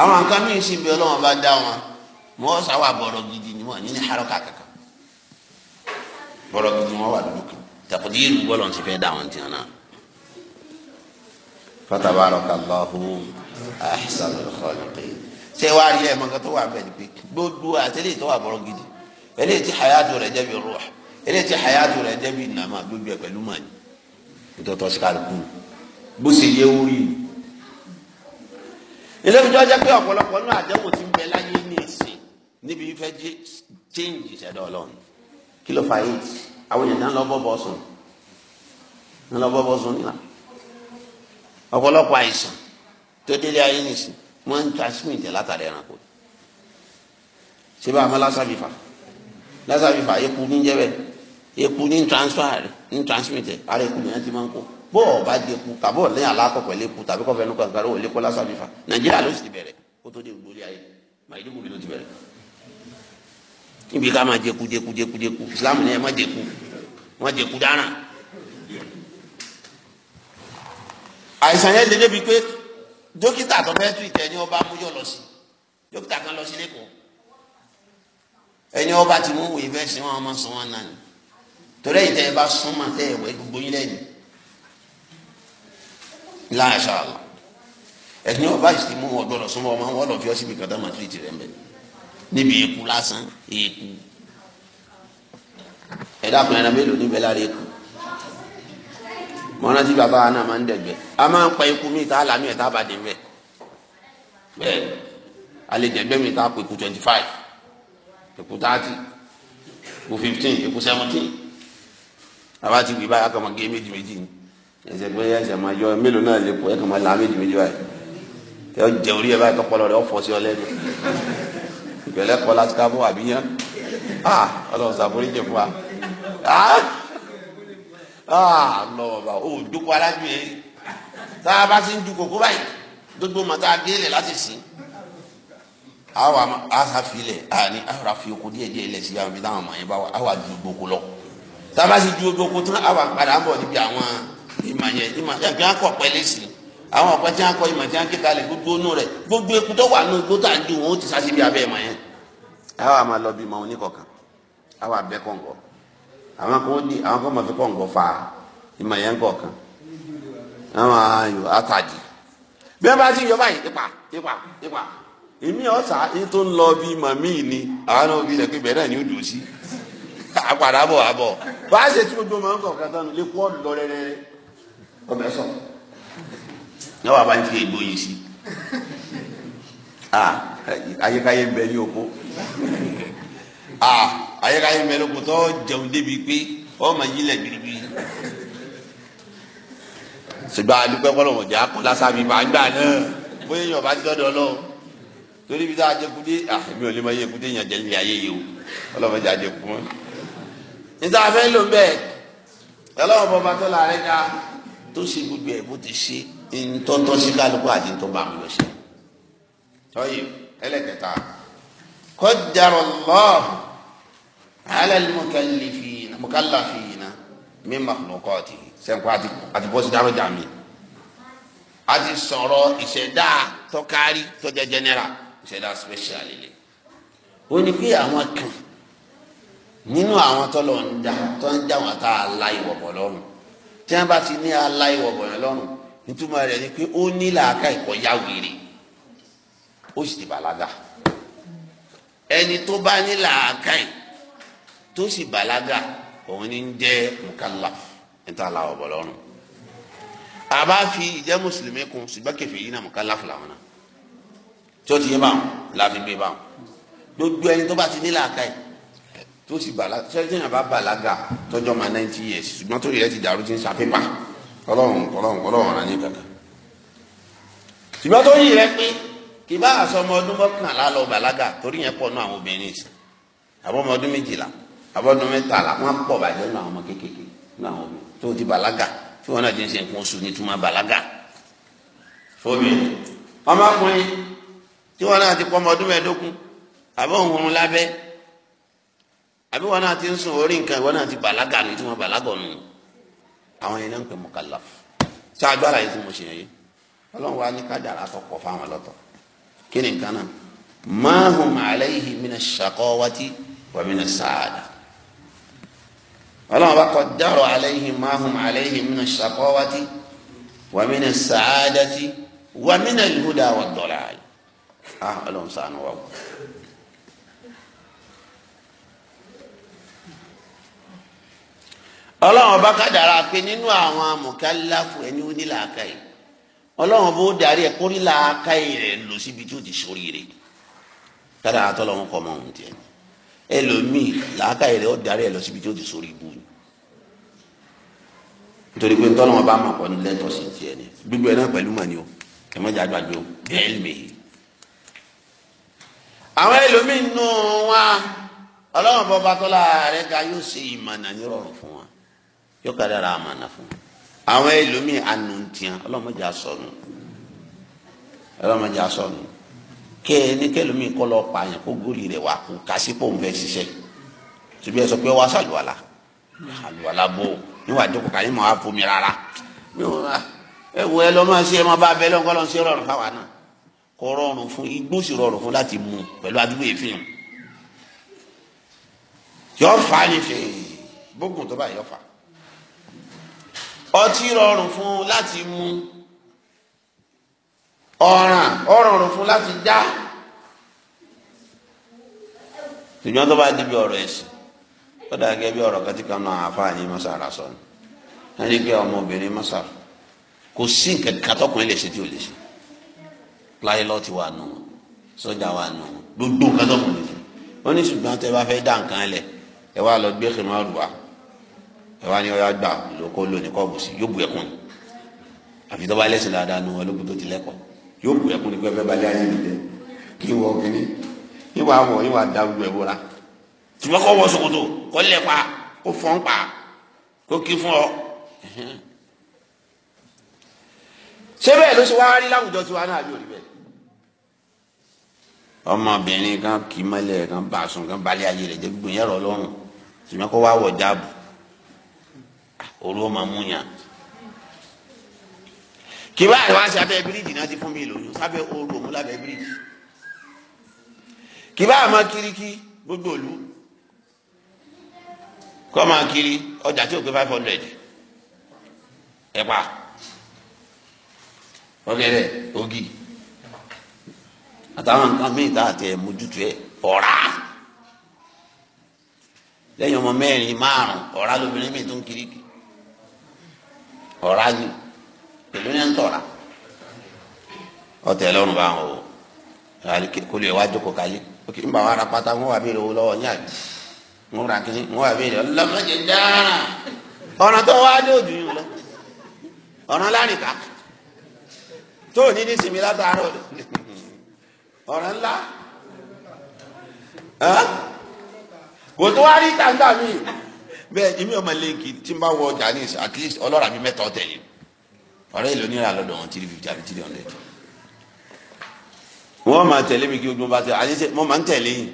àwọn nǹkan míì sì bí ọlọ́wọ́n bá dá wọn wọ́n sáwà bọ̀rọ̀ gidi ni wọ́n nínú haraka kankan bọ̀rọ̀ gidi wọ́n wà lókè tàkùdí ìlú bọ́lọ̀ ti fẹ́ dá wọn tiẹ̀ náà. fatabarakallahu ahsanul khaliqin ṣé wàá rí ẹ̀ mọ̀kàn tó wà bẹ́ẹ̀ ni pé gbogbo àtẹ́lẹ̀ tó wà bọ̀rọ̀ gidi eléyìí tí hayatu rẹ̀ jẹ́ bí ruh tí hayatu rẹ̀ jẹ́ nàmà gbogbo ẹ̀ pẹ̀lú màá ìtọ́tọ́ sí kálukú bó ṣe yẹ wúrí ni ilé ìjọ jẹ́ pé ọ̀pọ̀lọpọ̀ náà àdéhùn ti ń bẹ láyé ní ìsìn níbi fífẹ́ change ìṣẹ̀dá ọlọ́run kí ló fà yìí àwọn èèyàn náà lọ bọ́ bọ́ sùn náà lọ bọ́ bọ́ sùn nílà ọ̀pọ̀lọpọ̀ àìsàn tó délé ayé ní ìsìn wọ́n ń transmit látàrí ẹranko ṣé bá a mọ lásàbífà lásàbífà eku ní jẹ́ eku ní transfer ní transmit ara eku nìyẹn ti máa ń kó bó o bá jẹ ku kàbọ̀ lẹ́yìn alákọ̀ọ́kọ̀ lé ku tàbí kọ́fẹ́ ló kankan ó lé kó lásán nífa nàìjíríà ló sì ti bẹ̀rẹ̀ kó tó dé ìgbóni ayé màìdúgbòrì ló ti bẹ̀rẹ̀ níbi ká máa jẹku jẹku jẹku jẹku islam ní ẹ má jẹku má jẹku dáná. àìsàn yẹn lè débi pé dókítà tó fẹ́ tú ìtẹ́ ni ọba amúyọ lọ sí dókítà kan lọ sí lẹ́kọ̀ọ́ ẹni ọba ti mú wèé fẹ́ sí wọn ọmọ sọ wọn náà ni torí ẹ̀yìn tẹ́ ẹ bá súnmọ́ tẹ́ ẹ wẹ́ gbogbo yín lẹ́yìn láyà sàlọ ẹni ọba ìsìnkú wọn gbọ́dọ̀ súnmọ́ ọmọ wọn lọ fi ọ síbi kàtà màtírìtì rẹ mbẹ níbi eku lásán eku ẹ̀dá kan ẹran mélòó níbẹ̀ lára eku mọ rántí bàbá wa náà máa ń dẹgbẹ a máa ń pa eku mi ta lànà ẹ̀ tá dé mbẹ bẹ́ẹ̀ alẹ́ mi ta kó eku twenty five eku thirty eku fifteen eku seventeen bàbá ti gbé báyà kọ́ ọmọ gé méjì méjì ni ẹsẹ pé ẹsẹ máa yọ mélòó náà lè pọ ẹ kàn máa là á méjì méjì báyìí ẹ jẹ orí ẹ báyìí tọpọlọ rẹ ọfọ sí ọ lẹ́nu ìbẹ̀lẹ̀ kọ́ láti ká bọ́ ah ọlọ́run sàbórí jẹ fún wa ah! ah, lọ́wọ́ bá o jókòó alájú yẹn tá a bá ti ń ju kókó báyìí gbogbo màtá gélé láti sìn awa asa filẹ ani ara fi oko díẹ̀ díẹ̀ lẹ sí àwọn ibi táwọn ọmọ yẹn bá wà awa ju gbogbo lọ tá a bá ju gbogbo tán awa padà ń níbi àwọn ìmọ̀ yẹn ìmọ̀ yẹn gbé akọ pẹ́lẹ́ sí i àwọn ọ̀pẹ tí wọ́n kọ ìmọ̀ tí wọ́n ké kalẹ̀ gbogbo nù rẹ̀ gbogbo eku tó wà nù igbó tà ń ju wọn ó ti sá síbi abẹ́ ìmọ̀ yẹn. àwa máa lọ bí ìmọ̀ oníkọ̀kan àwa bẹ́ kọ̀ǹgọ̀ àwọn kan ó di àwọn kan máa fi kọ̀ǹgọ̀ fa ìmọ̀ yẹn kọ̀ọ̀kan àwọn ayò àtàjì bí wọ́n bá ti yọ báyìí ipa ipa ipa èmi ọ̀sà ètò ń lọ bí màmí ni àwọn náà bí lẹ́kọ̀ọ́ ìbẹ̀rẹ̀ ni ó dùn sí àpàdà bọ̀ àbọ̀ bá a ṣe tí gbogbo màmí kọ̀ọ̀kan tán lè kọ́ ọbẹ̀ sọ yọwọ́ àbá ń fi ègbò yìí sí ah, ayékáyé ń bẹ ní oko ah, ayékáyé ń bẹ ní oko tó jẹun débi pé ọmọ yìí lẹ̀ gbìrìgbìrì ṣùgbọ́n adúpẹ́ kọ́lọ́mọ̀ jẹ́ akọ́lá sábì máa ń gbà náà bóyá yọ̀ọ̀ bá ti dọ́dọ̀ lọ torí bí tá a jẹ ah, ò lè máa yẹ kúdé yàn jẹ nílé ayé yìí o ọlọ́mọ jẹ́ àjẹkù mọ́ fẹ́ lò bẹ́ẹ̀ ọlọ́mọ bọ́ bá tọ́lá rẹ̀ tó ṣe gbogbo ẹ̀ bó ti ṣe ntọ́tọ́ sí kálukú àti ntọ́ba mi lọ ṣe. tọ́yì ẹlẹ́kẹta qaddara Allahu ala al-mukallifina mukallafina min makhluqatihi sẹ́ńkọ́ àti bọ́sí dáná jàmí a ti sọ̀rọ̀ ìṣẹ̀dá tọ́kárí tọ́jẹ́ general ìṣẹ̀dá special lè. ó ní pé àwọn kan nínú àwọn tọ́lọ̀ ń dá tó ń dá wọn tá a la lọ́rùn tí wọ́n bá ti ní aláìwọ̀ bọ̀yàn lọ́rùn nítumọ̀ rẹ̀ ni pé ó ní làákà ìkọjá wèrè ó sì ti bàlágà ẹni tó bá ní làákà ì tó sì bàlágà òun ní ń jẹ́ mukallaf níta aláwọ̀ bọ̀ lọ́rùn àbá fi ìjẹ́ mùsùlùmí kun ṣùgbọ́n kẹfì yìí náà mukallaf làwọn náà tí ó ti yé báwọn láfi gbé báwọn gbogbo ẹni tó bá ti ní làákà ì tó sì bàlágà sẹ́yìn àbá bàlágà tọjọ́ máa ninety years ṣùgbọ́n tó yẹ ti dàrú ti ń sa pépà ọlọ́run ọlọ́run ọlọ́run ara ní kankan. ṣùgbọ́n tó yí rẹ pé kì bá aṣọ ọmọ ọdún mọ́kànlá lọ bàlágà torí yẹn pọ̀ nù àwọn obìnrin sí àbọ̀ ọmọ ọdún méjìlá àbọ̀ ọdún mẹ́tàlá wọ́n pọ̀ bàjẹ́ nù àwọn ọmọ kéékèèké nù àwọn obìnrin tó ti bàlágà tí wọn náà ti ń ṣe nǹkan oṣù ní túmọ̀ bàlágà àbí wọn náà ti ń sùn orí nǹkan ìwọ náà ti bàlágà ní tí wọn bàlágà nù àwọn yẹn náà ń pè mukallaf tí agbára yìí tí mo ṣe yẹn yìí ọlọ́run wa ní kádàrá tó kọ̀ fáwọn lọ́tọ̀ kí ni nǹkan náà ma hum alayhi minash shaqawati wa minash saada ọlọ́run bá qaddara alayhi ma hum alayhi minash shaqawati wa minash saadati wa minal huda wad dalal ah ọlọ́run ṣàánú wa wò. ọlọ́run bá kádàrá pé nínú àwọn amọ̀kálíláfù ẹni ó ní làákàyè ọlọ́run bó darí ẹ kó ní làákàyè rẹ lọ síbi tó ti sórí rẹ kádàrá tọ́lọ́run kọ́ mọ́ ohun tiẹ̀ ẹlòmíì làákàyè rẹ ó darí ẹ lọ síbi tó ti sórí ibú ni nítorí pé ntọ́lọ́wọ́ bá mọ̀ ní lẹ́tọ̀ sí ni gbígbó ẹ̀ náà pẹ̀lú mọ̀ ni o ẹ̀ mọ̀ jáde àwọn ẹlòmíín nù wá ọlọ́run bọ́ tọ́lá rẹ̀ ga yóò ṣe ìmọ̀nà nírọ̀rùn fún wa yóò ká dára àmàna fún àwọn ẹlòmíì ànùntìyàn ọlọ́mọdé àsọnù ọlọ́mọdé àsọnù kẹ ẹni kẹlòmíì kọ́ lọ pààyàn kó gólì rẹ̀ wá kó kásí pò ń fẹ́ ṣiṣẹ́ tùbí ẹ sọ pé wàá sàlùwàlà àlùwàlà bò níwàá jókòó ká yín máa wá fomi rárá ẹ wo ẹ lọ máa ṣe ẹ máa bá abẹ lọ́nkọ́ lọ́n ṣe rọrùn fáwa náà kò rọrùn fún igbó sì rọrùn fún láti mú pẹ̀lú àdúgbò ìfihàn yọ fà á nífẹ̀ẹ́ bógun tó bá yọ fà á ọtí rọrùn fún láti mu ọ̀ràn ọ̀rọ̀rùn fún láti já ṣùgbọ́n tó bá débi ọ̀rọ̀ ẹ̀sìn ó dà gẹ́gẹ́ bí ọ̀rọ̀ kan tí kan náà àfààní mọ́sára sọ ni wọ́n ní pé ọmọbìnrin mọ́sára kò sí nǹkan kan tọkùnrin lè ṣe tí ò lè ṣe pilot wà nù sọ́jà wà nù gbogbo nǹkan tọkùnrin lè ṣe ó ní ṣùgbọ́n tẹ bá fẹ́ dá nǹkan lẹ̀ ẹ wá lọ gbé kìnnìún àrùwá ẹ wá ní ọyá gbà lóko lónìí kọ́ọ̀bù sí yóò bu ẹkún àfi tó bá lẹ́sìn dáadáa nu wọn ló bu tó ti lẹ́kọ̀ọ́ yóò bu ẹkún ní pé bẹ́ẹ̀ bá lé ayé mi dẹ kí wọ kíní ìwà wọ ìwà dàrú ẹ wọra tùmọ̀ kọ́ wọ ṣòkòtò kọ́ lẹ̀ kó fọ́n pa kó kí fún ọ. ṣé bẹ́ẹ̀ ló ṣe wá rí láwùjọ tiwa náà bí òrí bẹ́ẹ̀. ọmọbìnrin kan kì í mọ́lẹ̀ kan bá a sùn kan balẹ̀ ayé rẹ̀ jẹ́ gbìyànjú ọ̀rọ̀ lọ́rùn tùmọ̀ kọ́ wá wọ̀ jáàbù òru ó máa mú yàn kì bá àwọn aṣọ abẹ́ bíríìjì náà ti fún mi lòyún sábẹ́ ooru òun lábẹ́ bíríìjì kì bá àmọ́ kiriki gbogbo òlu kọ́ máa kiri ọjà tí ò pé five hundred ẹ̀pà ọ̀gẹ̀dẹ̀ ògì àtàwọn nǹkan míì tá a tẹ mójútó ẹ̀ ọ̀rá lẹ́yìn ọmọ mẹ́rin márùn ọ̀rá lóbìnrin míì tó ń kiriki ọ̀rá ni èló ní ẹ̀ ń tọ̀ra ọ̀tẹ̀ lọ́rùn bá wọn o kò lè wá jókòó káyé ok n bá wa ra pátá wọn wà béèrè owó lọ́wọ́ ní àjì wọn ra ni wọn wà béèrè ọlọ́mọdé dára ọ̀nà tó wá dé òjò yìí lọ ọ̀nà lárìkà tó ní ní sinmi látàárọ̀ ọ̀nà ńlá kò tó wá rí tàǹtà míì bẹ́ẹ̀ èmi ọmọ lẹ́ẹ̀kì tí n bá wọ ọjà ní ìsìn at least ọlọ́ra mi mẹ́ta ọ̀tẹ̀ yìí ọ̀rẹ́ ìlú onírà lọ́dọ̀ wọn three fifty àbí three hundred. wọ́n máa tẹ̀lé mi kí ojú bá tẹ̀lé àti mo máa ń tẹ̀lé yìí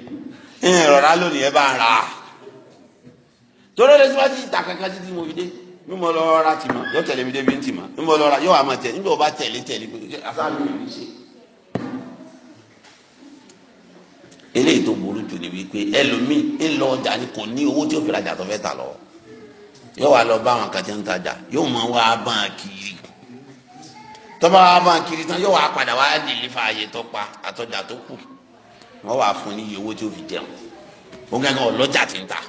ń rọra lónìí ẹ bá ń ra. torí ẹni tí wọ́n ti ta kankan títí mo fi dé bí mo lọ ra tì yóò tẹ̀lé mi dé mi ń tì mọ́ bí mo lọ yóò wà máa tẹ̀lé nígbà wọ́n bá tẹ̀lé tẹ̀lé eléyìí tó burú jù ni wípé ẹlòmíì ń lọ ọjà ni kò ní owó tí ó fi rajà tó fẹ́ tà lọ yóò wá lọ bá àwọn kan tí ń tajà yóò máa wá bá a kiri tọ́ba wá bá a kiri tán yóò wá padà wá dìlí fa àyè tó pa àtọ́jà tó kù wọ́n wá fún ní iye owó tí ó fi jẹun ó gángan ọlọ́jà ti ń ta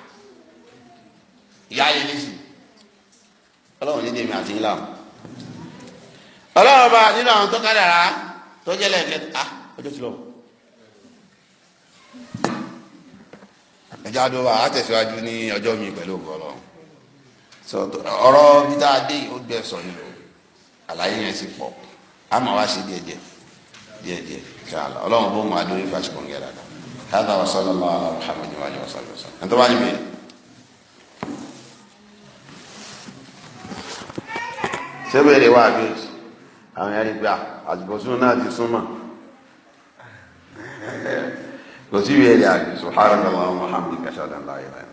ìyá yẹn ní sùn ọlọ́run nídìí mi àti ńlá o ọlọ́run bá nínú àwọn tó kádàrá tó jẹ́ lẹ́ẹ̀kẹ́ta ah, ọjọ́ ti lọ. ẹja tó á tẹ̀síwájú ní ọjọ́ mi pẹ̀lú ọgọ́lọ́ ọ̀rọ̀ bíta adé ó gbẹ sọ nílò àlàyé yẹn sì pọ̀ a máa wá sí díẹ̀díẹ̀ díẹ̀díẹ̀ ọlọ́run bó mọ adóyè fásitì kò gẹ̀rẹ́ àdá hádà bí àwọn ẹni gbà náà ti súnmọ́. kò sí ìwé ẹ̀rí àgbẹ̀ subhanahu wa ta'ala muhammed kashadu allah ilayi.